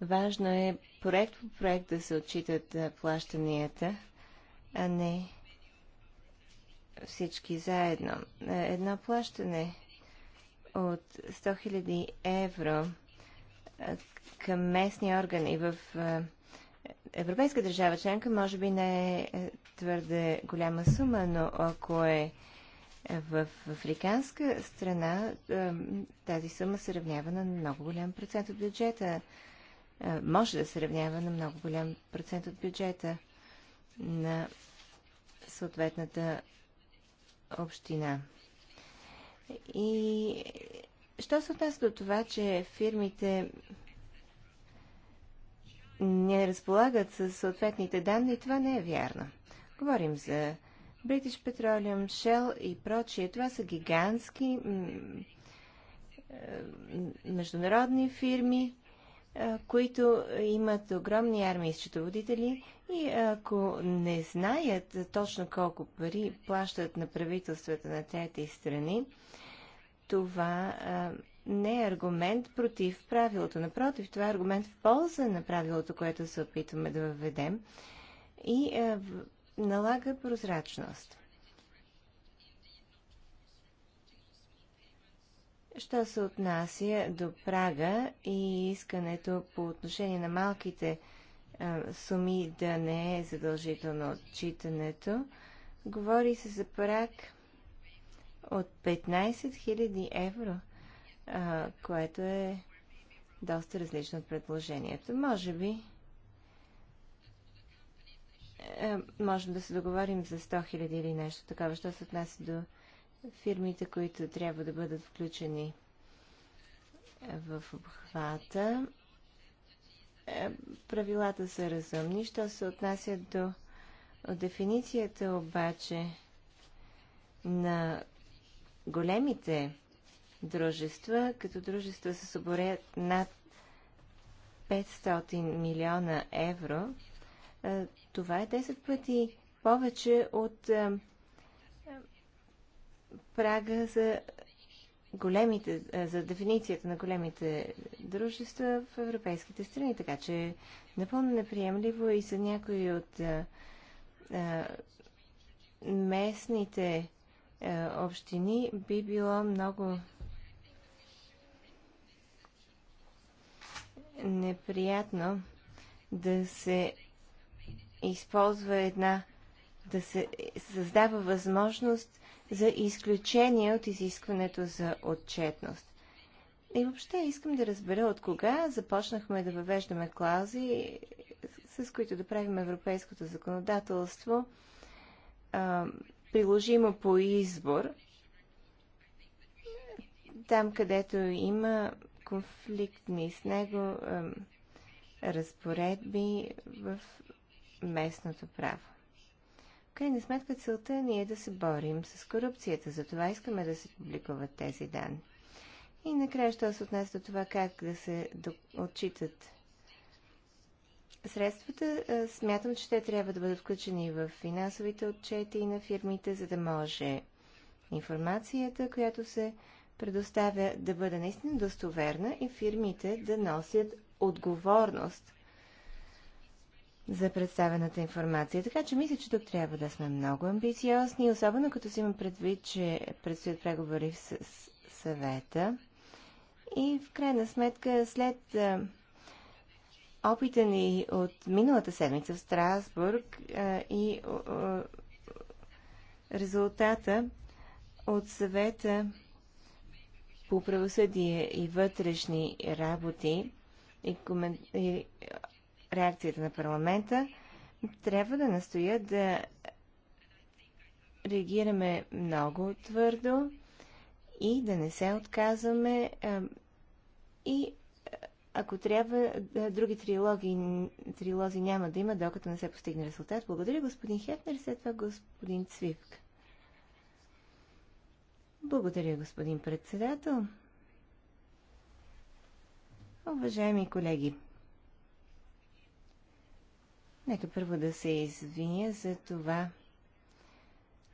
Важно е проект по проект да се отчитат плащанията, а не всички заедно. Е, едно плащане от 100 000 евро е, към местни органи в е, европейска държава членка може би не е твърде голяма сума, но ако е в африканска страна тази сума се равнява на много голям процент от бюджета. Може да се равнява на много голям процент от бюджета на съответната община. И що се отнася до това, че фирмите не разполагат с съответните данни, това не е вярно. Говорим за British Petroleum, Shell и прочие. Това са гигантски международни фирми, които имат огромни армии счетоводители и ако не знаят точно колко пари плащат на правителствата на трети страни, това а, не е аргумент против правилото. Напротив, това е аргумент в полза на правилото, което се опитваме да въведем и а, налага прозрачност. Що се отнася до прага и искането по отношение на малките суми да не е задължително отчитането. Говори се за прак от 15 000 евро, а, което е доста различно от предложението. Може би а, можем да се договорим за 100 000 или нещо такова, що се отнася до фирмите, които трябва да бъдат включени в обхвата. Е, правилата са разумни. Що се отнася до дефиницията обаче на големите дружества, като дружества се съборят над 500 милиона евро, е, това е 10 пъти повече от е, прага за големите, е, за дефиницията на големите дружества в европейските страни. Така че напълно неприемливо и за някои от а, е, а, е, местните а, общини би било много неприятно да се използва една, да се създава възможност за изключение от изискването за отчетност. И въобще искам да разбера от кога започнахме да въвеждаме клаузи, с които да правим европейското законодателство а, приложимо по избор, там където има конфликтни с него а, разпоредби в местното право крайна сметка целта ни е да се борим с корупцията, затова искаме да се публикуват тези данни. И накрая, що се отнася до това как да се отчитат средствата, смятам, че те трябва да бъдат включени в финансовите отчети и на фирмите, за да може информацията, която се предоставя, да бъде наистина достоверна и фирмите да носят отговорност за представената информация. Така че мисля, че тук трябва да сме много амбициозни, особено като си имам предвид, че предстоят преговори с, с съвета. И в крайна сметка, след а, опита ни от миналата седмица в Страсбург а, и а, резултата от съвета по правосъдие и вътрешни работи и, комен... и реакцията на парламента, трябва да настоя да реагираме много твърдо и да не се отказваме и ако трябва, други трилоги, трилози няма да има, докато не се постигне резултат. Благодаря, господин Хепнер, след това господин Цвивк. Благодаря, господин председател. Уважаеми колеги, Нека първо да се извиня за това,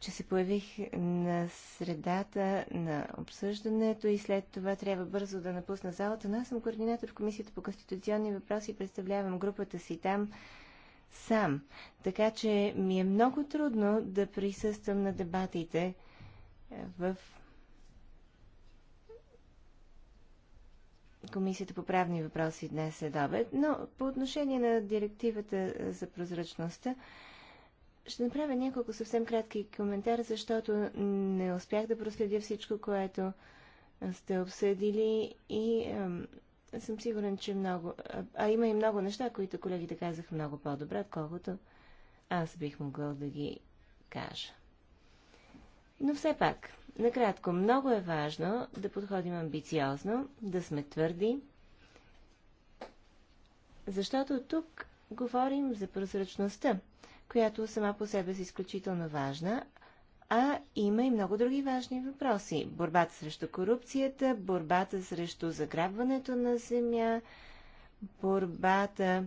че се появих на средата на обсъждането и след това трябва бързо да напусна залата, но аз съм координатор в Комисията по конституционни въпроси и представлявам групата си там сам. Така че ми е много трудно да присъствам на дебатите в Комисията по правни въпроси днес след обед, но по отношение на директивата за прозрачността, ще направя няколко съвсем кратки коментар, защото не успях да проследя всичко, което сте обсъдили и а, съм сигурен, че много... А, а има и много неща, които колегите казаха, много по-добре, отколкото аз бих могъл да ги кажа. Но все пак, Накратко, много е важно да подходим амбициозно, да сме твърди, защото тук говорим за прозрачността, която сама по себе си е изключително важна, а има и много други важни въпроси. Борбата срещу корупцията, борбата срещу заграбването на земя, борбата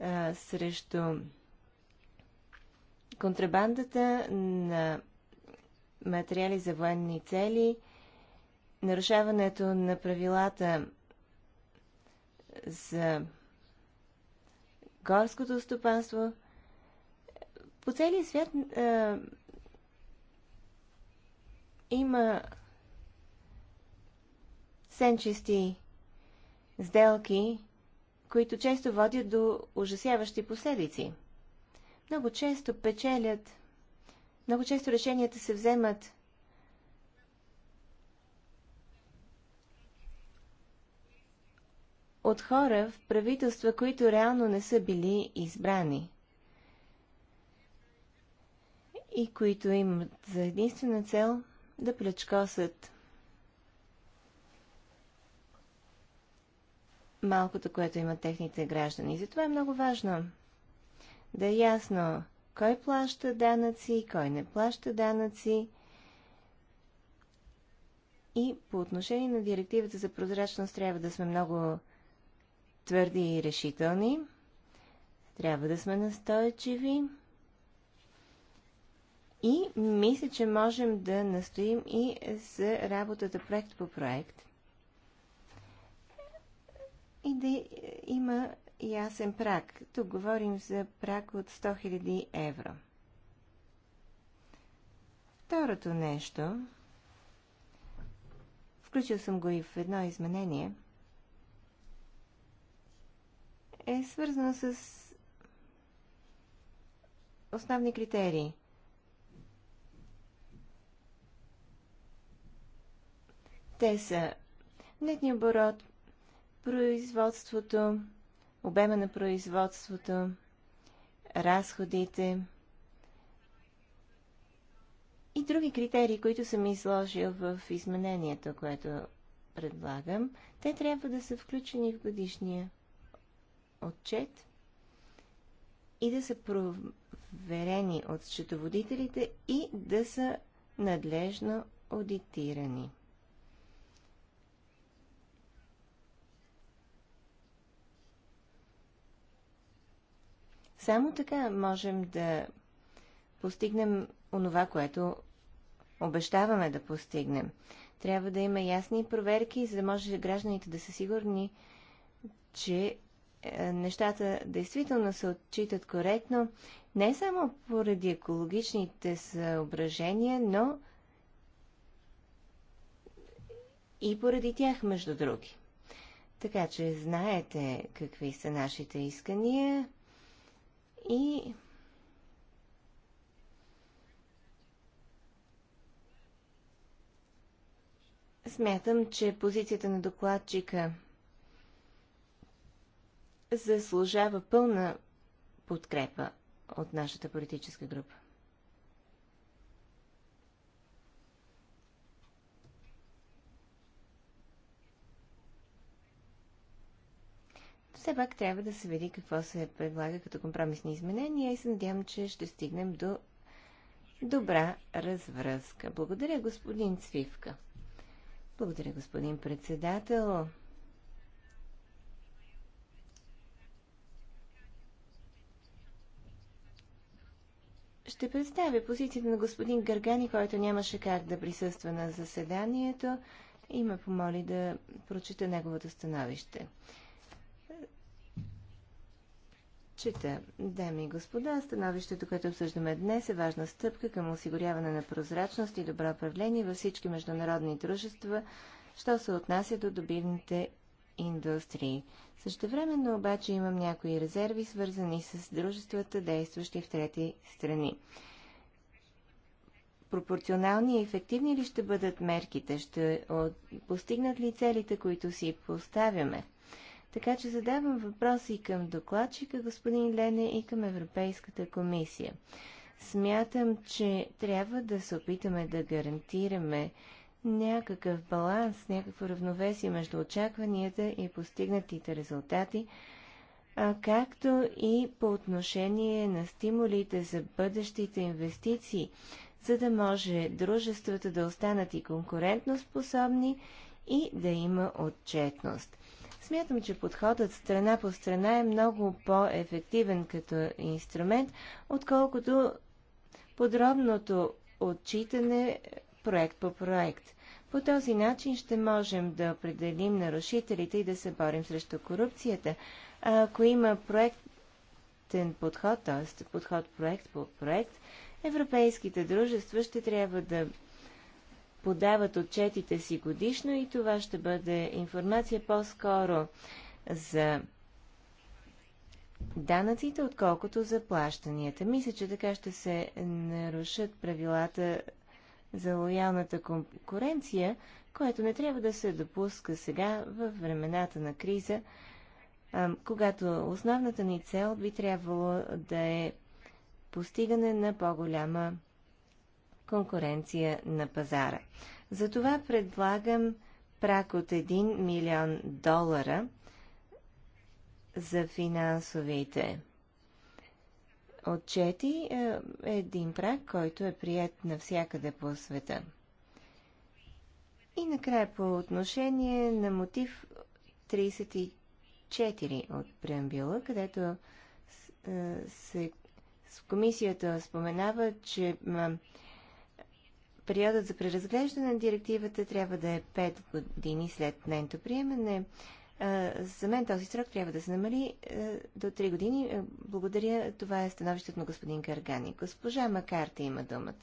а, срещу контрабандата на материали за военни цели, нарушаването на правилата за горското стопанство. По целия свят е, има сенчести сделки, които често водят до ужасяващи последици. Много често печелят много често решенията се вземат от хора в правителства, които реално не са били избрани и които имат за единствена цел да плечкосат малкото, което имат техните граждани. Затова е много важно да е ясно кой плаща данъци, кой не плаща данъци. И по отношение на директивата за прозрачност трябва да сме много твърди и решителни. Трябва да сме настойчиви. И мисля, че можем да настоим и за работата проект по проект. И да има ясен прак. Тук говорим за прак от 100 000 евро. Второто нещо, включил съм го и в едно изменение, е свързано с основни критерии. Те са нетния оборот, производството, обема на производството, разходите и други критерии, които съм изложил в изменението, което предлагам, те трябва да са включени в годишния отчет и да са проверени от счетоводителите и да са надлежно аудитирани. Само така можем да постигнем онова, което обещаваме да постигнем. Трябва да има ясни проверки, за да може гражданите да са сигурни, че е, нещата действително се отчитат коректно, не само поради екологичните съображения, но и поради тях, между други. Така че знаете какви са нашите искания. И смятам, че позицията на докладчика заслужава пълна подкрепа от нашата политическа група. все пак трябва да се види какво се предлага като компромисни изменения и се надявам, че ще стигнем до добра развръзка. Благодаря, господин Цвивка. Благодаря, господин председател. Ще представя позицията на господин Гаргани, който нямаше как да присъства на заседанието и ме помоли да прочита неговото становище. Чета, дами и господа, становището, което обсъждаме днес е важна стъпка към осигуряване на прозрачност и добро управление във всички международни дружества, що се отнася до добивните индустрии. Същевременно обаче имам някои резерви, свързани с дружествата, действащи в трети страни. Пропорционални и ефективни ли ще бъдат мерките? Ще постигнат ли целите, които си поставяме? Така че задавам въпроси и към докладчика господин Лене и към Европейската комисия. Смятам, че трябва да се опитаме да гарантираме някакъв баланс, някакво равновесие между очакванията и постигнатите резултати, а както и по отношение на стимулите за бъдещите инвестиции, за да може дружествата да останат и конкурентно способни и да има отчетност. Смятам, че подходът страна по страна е много по-ефективен като инструмент, отколкото подробното отчитане проект по проект. По този начин ще можем да определим нарушителите и да се борим срещу корупцията. А ако има проектен подход, т.е. подход проект по проект, европейските дружества ще трябва да подават отчетите си годишно и това ще бъде информация по-скоро за данъците, отколкото за плащанията. Мисля, че така ще се нарушат правилата за лоялната конкуренция, което не трябва да се допуска сега в времената на криза, когато основната ни цел би трябвало да е постигане на по-голяма конкуренция на пазара. Затова предлагам прак от 1 милион долара за финансовите отчети е един прак, който е прият навсякъде по света. И накрая по отношение на мотив 34 от преамбюла, където е, се, с комисията споменава, че периодът за преразглеждане на директивата трябва да е 5 години след нейното приемане. За мен този срок трябва да се намали до 3 години. Благодаря. Това е становището на господин Каргани. Госпожа Макарта има думата.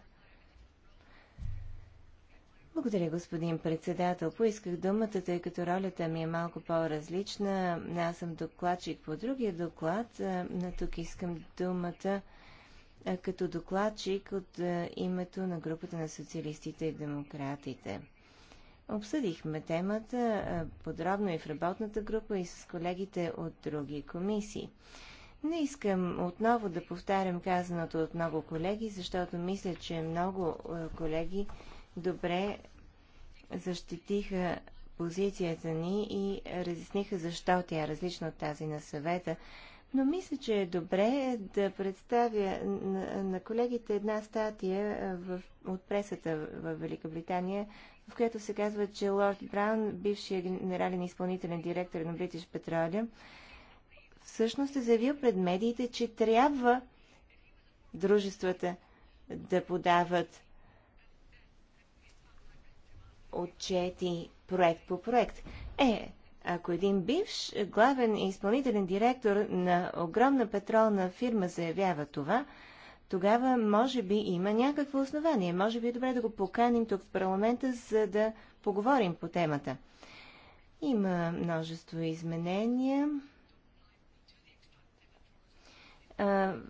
Благодаря, господин председател. Поисках думата, тъй като ролята ми е малко по-различна. Аз съм докладчик по другия доклад, но тук искам думата като докладчик от името на групата на социалистите и демократите. Обсъдихме темата подробно и в работната група и с колегите от други комисии. Не искам отново да повтарям казаното от много колеги, защото мисля, че много колеги добре защитиха позицията ни и разясниха защо тя е различна от тази на съвета но мисля, че е добре да представя на, на колегите една статия в, от пресата в Великобритания, в която се казва, че Лорд Браун, бившия генерален изпълнителен директор на British Petroleum, всъщност е заявил пред медиите, че трябва дружествата да подават отчети проект по проект. Е, ако един бивш главен и изпълнителен директор на огромна петролна фирма заявява това, тогава може би има някакво основание. Може би е добре да го поканим тук в парламента, за да поговорим по темата. Има множество изменения.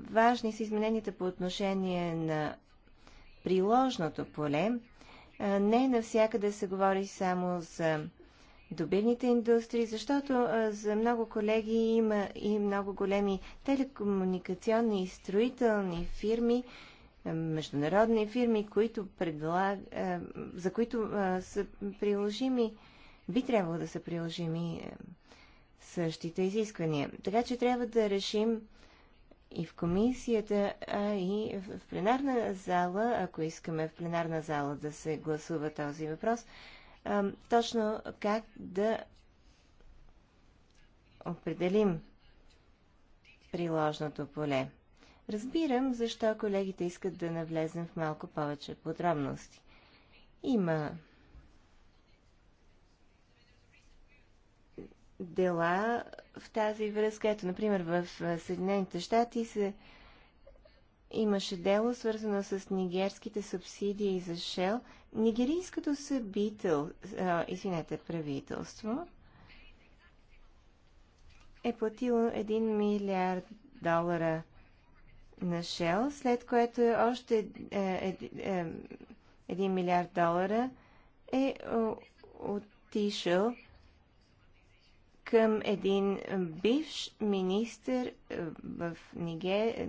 важни са измененията по отношение на приложното поле. не навсякъде се говори само за добивните индустрии, защото за много колеги има и много големи телекомуникационни и строителни фирми, международни фирми, които предлаг... за които са приложими, би трябвало да са приложими същите изисквания. Така че трябва да решим и в комисията, а и в пленарна зала, ако искаме в пленарна зала да се гласува този въпрос, точно как да определим приложното поле. Разбирам защо колегите искат да навлезем в малко повече подробности. Има дела в тази връзка. Ето, например, в Съединените щати се имаше дело, свързано с нигерските субсидии за Шел – Нигерийското събител, а, извинете, правителство е платило 1 милиард долара на Шел, след което е още 1 е, е, милиард долара е отишъл към един бивш министр в Нигер...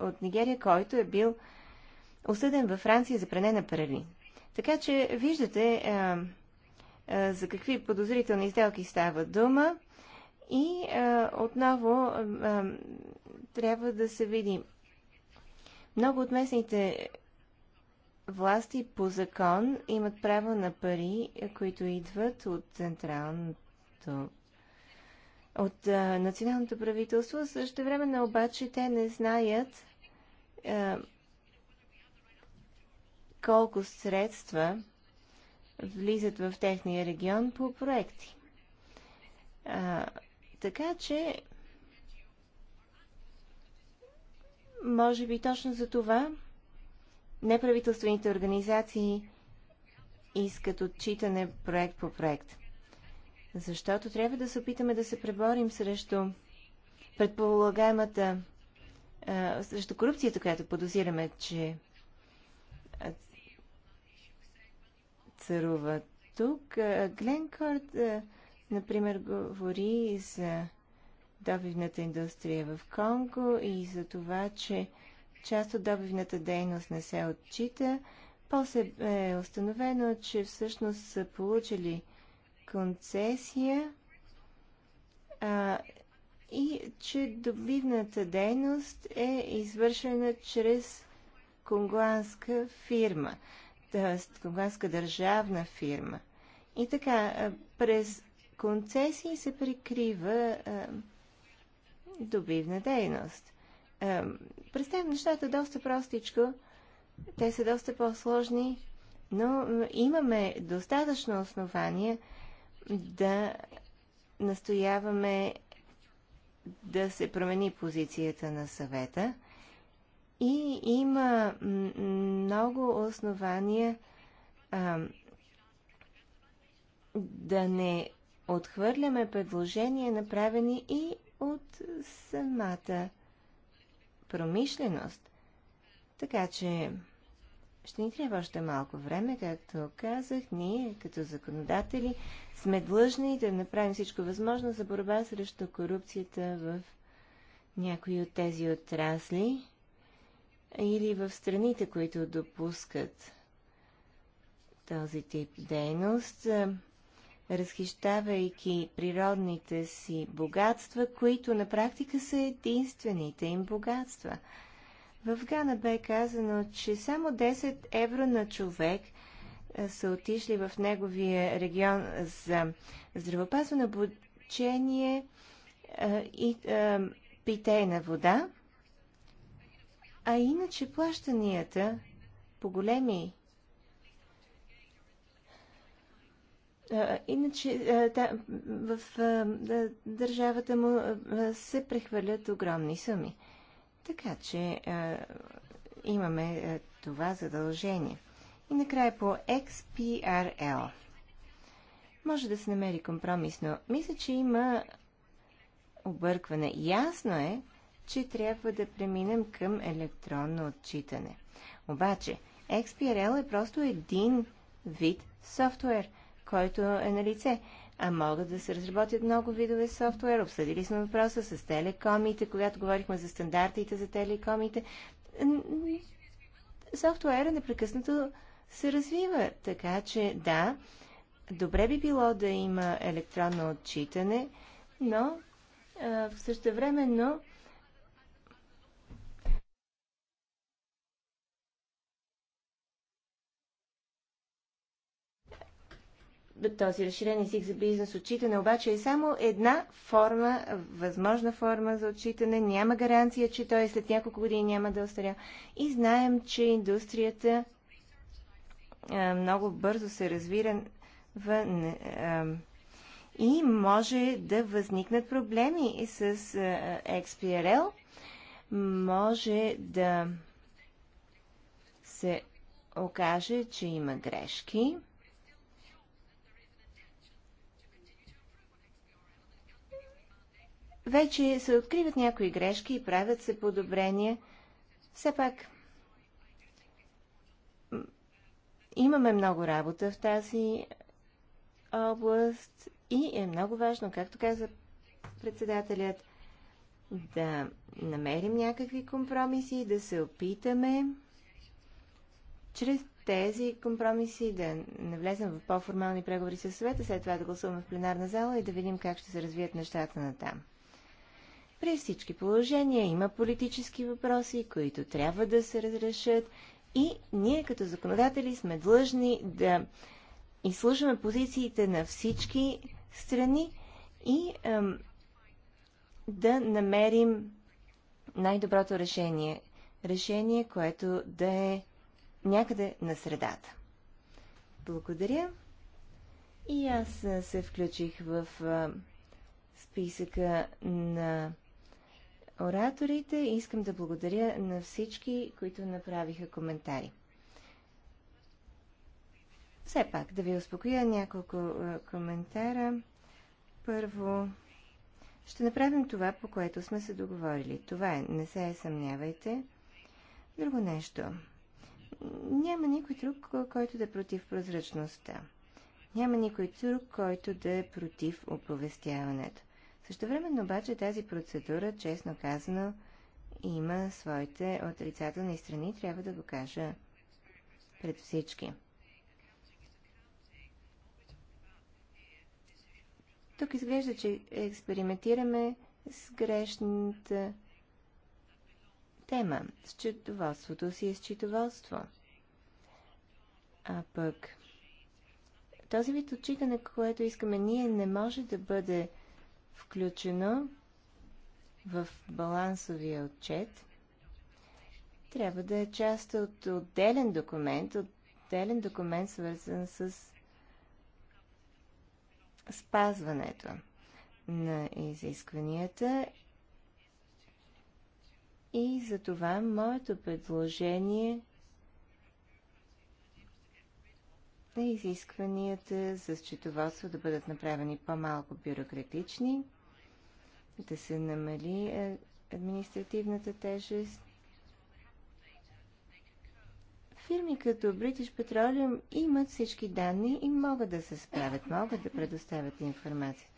от Нигерия, който е бил осъден във Франция за пране на пари. Така че виждате а, а, за какви подозрителни сделки става дума и а, отново трябва да се види. Много от местните власти по закон имат право на пари, които идват от централното от а, националното правителство. Също време обаче те не знаят а, колко средства влизат в техния регион по проекти. А, така че, може би точно за това неправителствените организации искат отчитане проект по проект. Защото трябва да се опитаме да се преборим срещу предполагаемата, а, срещу корупцията, която подозираме, че царува тук. Гленкорд, например, говори за добивната индустрия в Конго и за това, че част от добивната дейност не се отчита. После е установено, че всъщност са получили концесия а, и че добивната дейност е извършена чрез конгуанска фирма. Е, селско държавна фирма. И така, е, през концесии се прикрива е, добивна дейност. Представям нещата доста простичко. Те са доста по-сложни, но имаме достатъчно основания да настояваме да се промени позицията на съвета и има много основания а, да не отхвърляме предложения, направени и от самата промишленост. Така че ще ни трябва още малко време, както казах, ние като законодатели сме длъжни да направим всичко възможно за борба срещу корупцията в някои от тези отрасли или в страните, които допускат този тип дейност, разхищавайки природните си богатства, които на практика са единствените им богатства. В Гана бе казано, че само 10 евро на човек са отишли в неговия регион за здравопазване, обучение и питейна вода. А иначе плащанията по големи Иначе да, в да, държавата му се прехвърлят огромни суми. Така че а, имаме а, това задължение. И накрая по XPRL. Може да се намери компромисно. Мисля, че има объркване. Ясно е, че трябва да преминем към електронно отчитане. Обаче, XPRL е просто един вид софтуер, който е на лице. А могат да се разработят много видове софтуер. Обсъдили сме въпроса с телекомите, когато говорихме за стандартите за телекомите. Софтуера непрекъснато се развива, така че да, добре би било да има електронно отчитане, но в но този разширен език за бизнес отчитане обаче е само една форма, възможна форма за отчитане. Няма гаранция, че той след няколко години няма да остаря. И знаем, че индустрията много бързо се развира в, и може да възникнат проблеми с XPRL. Може да се окаже, че има грешки. вече се откриват някои грешки и правят се подобрения. Все пак имаме много работа в тази област и е много важно, както каза председателят, да намерим някакви компромиси, да се опитаме чрез тези компромиси да не влезем в по-формални преговори с съвета, след това да гласуваме в пленарна зала и да видим как ще се развият нещата на там. При всички положения има политически въпроси, които трябва да се разрешат и ние като законодатели сме длъжни да изслушаме позициите на всички страни и ам, да намерим най-доброто решение. Решение, което да е някъде на средата. Благодаря. И аз се включих в списъка на ораторите. Искам да благодаря на всички, които направиха коментари. Все пак, да ви успокоя няколко е, коментара. Първо, ще направим това, по което сме се договорили. Това е, не се съмнявайте. Друго нещо. Няма никой друг, който да е против прозрачността. Няма никой друг, който да е против оповестяването. Също време, обаче тази процедура, честно казано, има своите отрицателни страни, трябва да го кажа пред всички. Тук изглежда, че експериментираме с грешната тема. Счетоводството си е счетоводство. А пък този вид отчитане, което искаме ние, не може да бъде включено в балансовия отчет, трябва да е част от отделен документ, отделен документ свързан с спазването на изискванията. И за това моето предложение – на изискванията за счетоводство да бъдат направени по-малко бюрократични, да се намали е, административната тежест. Фирми като British Petroleum имат всички данни и могат да се справят, могат да предоставят информация.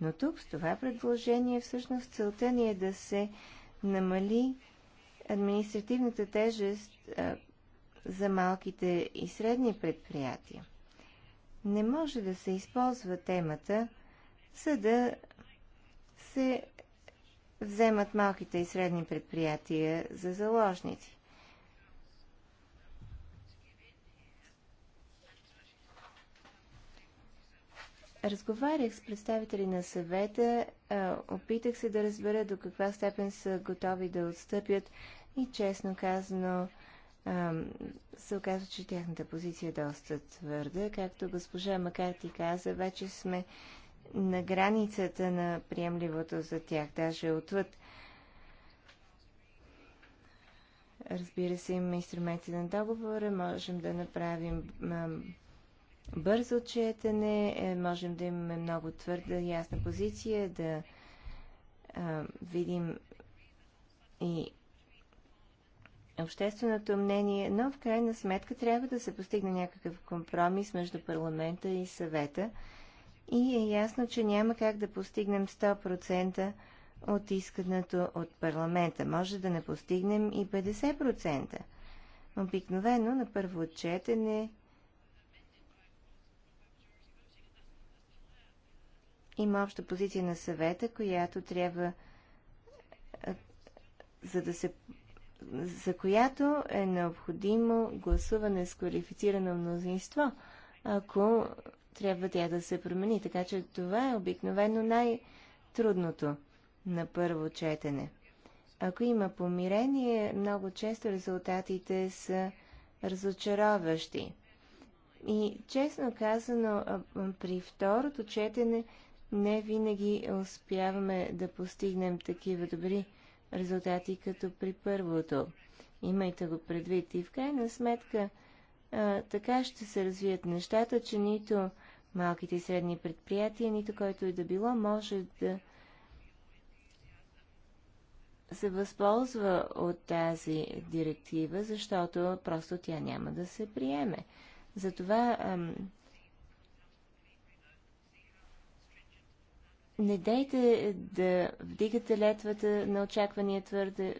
Но тук с това предложение всъщност целта ни е да се намали административната тежест а, е, за малките и средни предприятия. Не може да се използва темата, за да се вземат малките и средни предприятия за заложници. Разговарях с представители на съвета, опитах се да разбера до каква степен са готови да отстъпят и честно казано се оказва, че тяхната позиция е доста твърда. Както госпожа Макарти каза, вече сме на границата на приемливото за тях, даже отвъд. Разбира се, имаме инструменти на договора, можем да направим бързо отчетане, е, можем да имаме много твърда, ясна позиция, да видим и общественото мнение, но в крайна сметка трябва да се постигне някакъв компромис между парламента и съвета. И е ясно, че няма как да постигнем 100% от искането от парламента. Може да не постигнем и 50%. Обикновено на първо отчетене. има обща позиция на съвета, която трябва за да се за която е необходимо гласуване с квалифицирано мнозинство, ако трябва тя да се промени. Така че това е обикновено най-трудното на първо четене. Ако има помирение, много често резултатите са разочароващи. И честно казано, при второто четене не винаги успяваме да постигнем такива добри резултати като при първото. Имайте го предвид. И в крайна сметка а, така ще се развият нещата, че нито малките и средни предприятия, нито който и да било, може да се възползва от тази директива, защото просто тя няма да се приеме. Затова не дейте да вдигате летвата на очаквания твърде,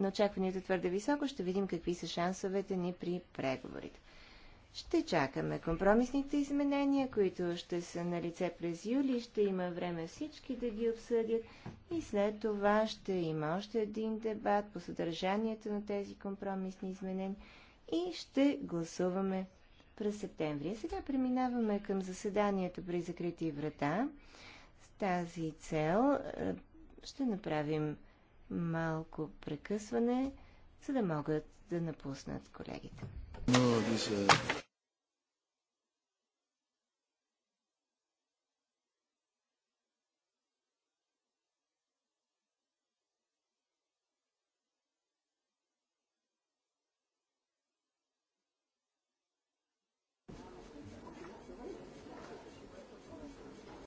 на очакванията твърде високо, ще видим какви са шансовете ни при преговорите. Ще чакаме компромисните изменения, които ще са на лице през юли, ще има време всички да ги обсъдят и след това ще има още един дебат по съдържанието на тези компромисни изменения и ще гласуваме през септември. Сега преминаваме към заседанието при закрити врата тази цел е, ще направим малко прекъсване, за да могат да напуснат колегите.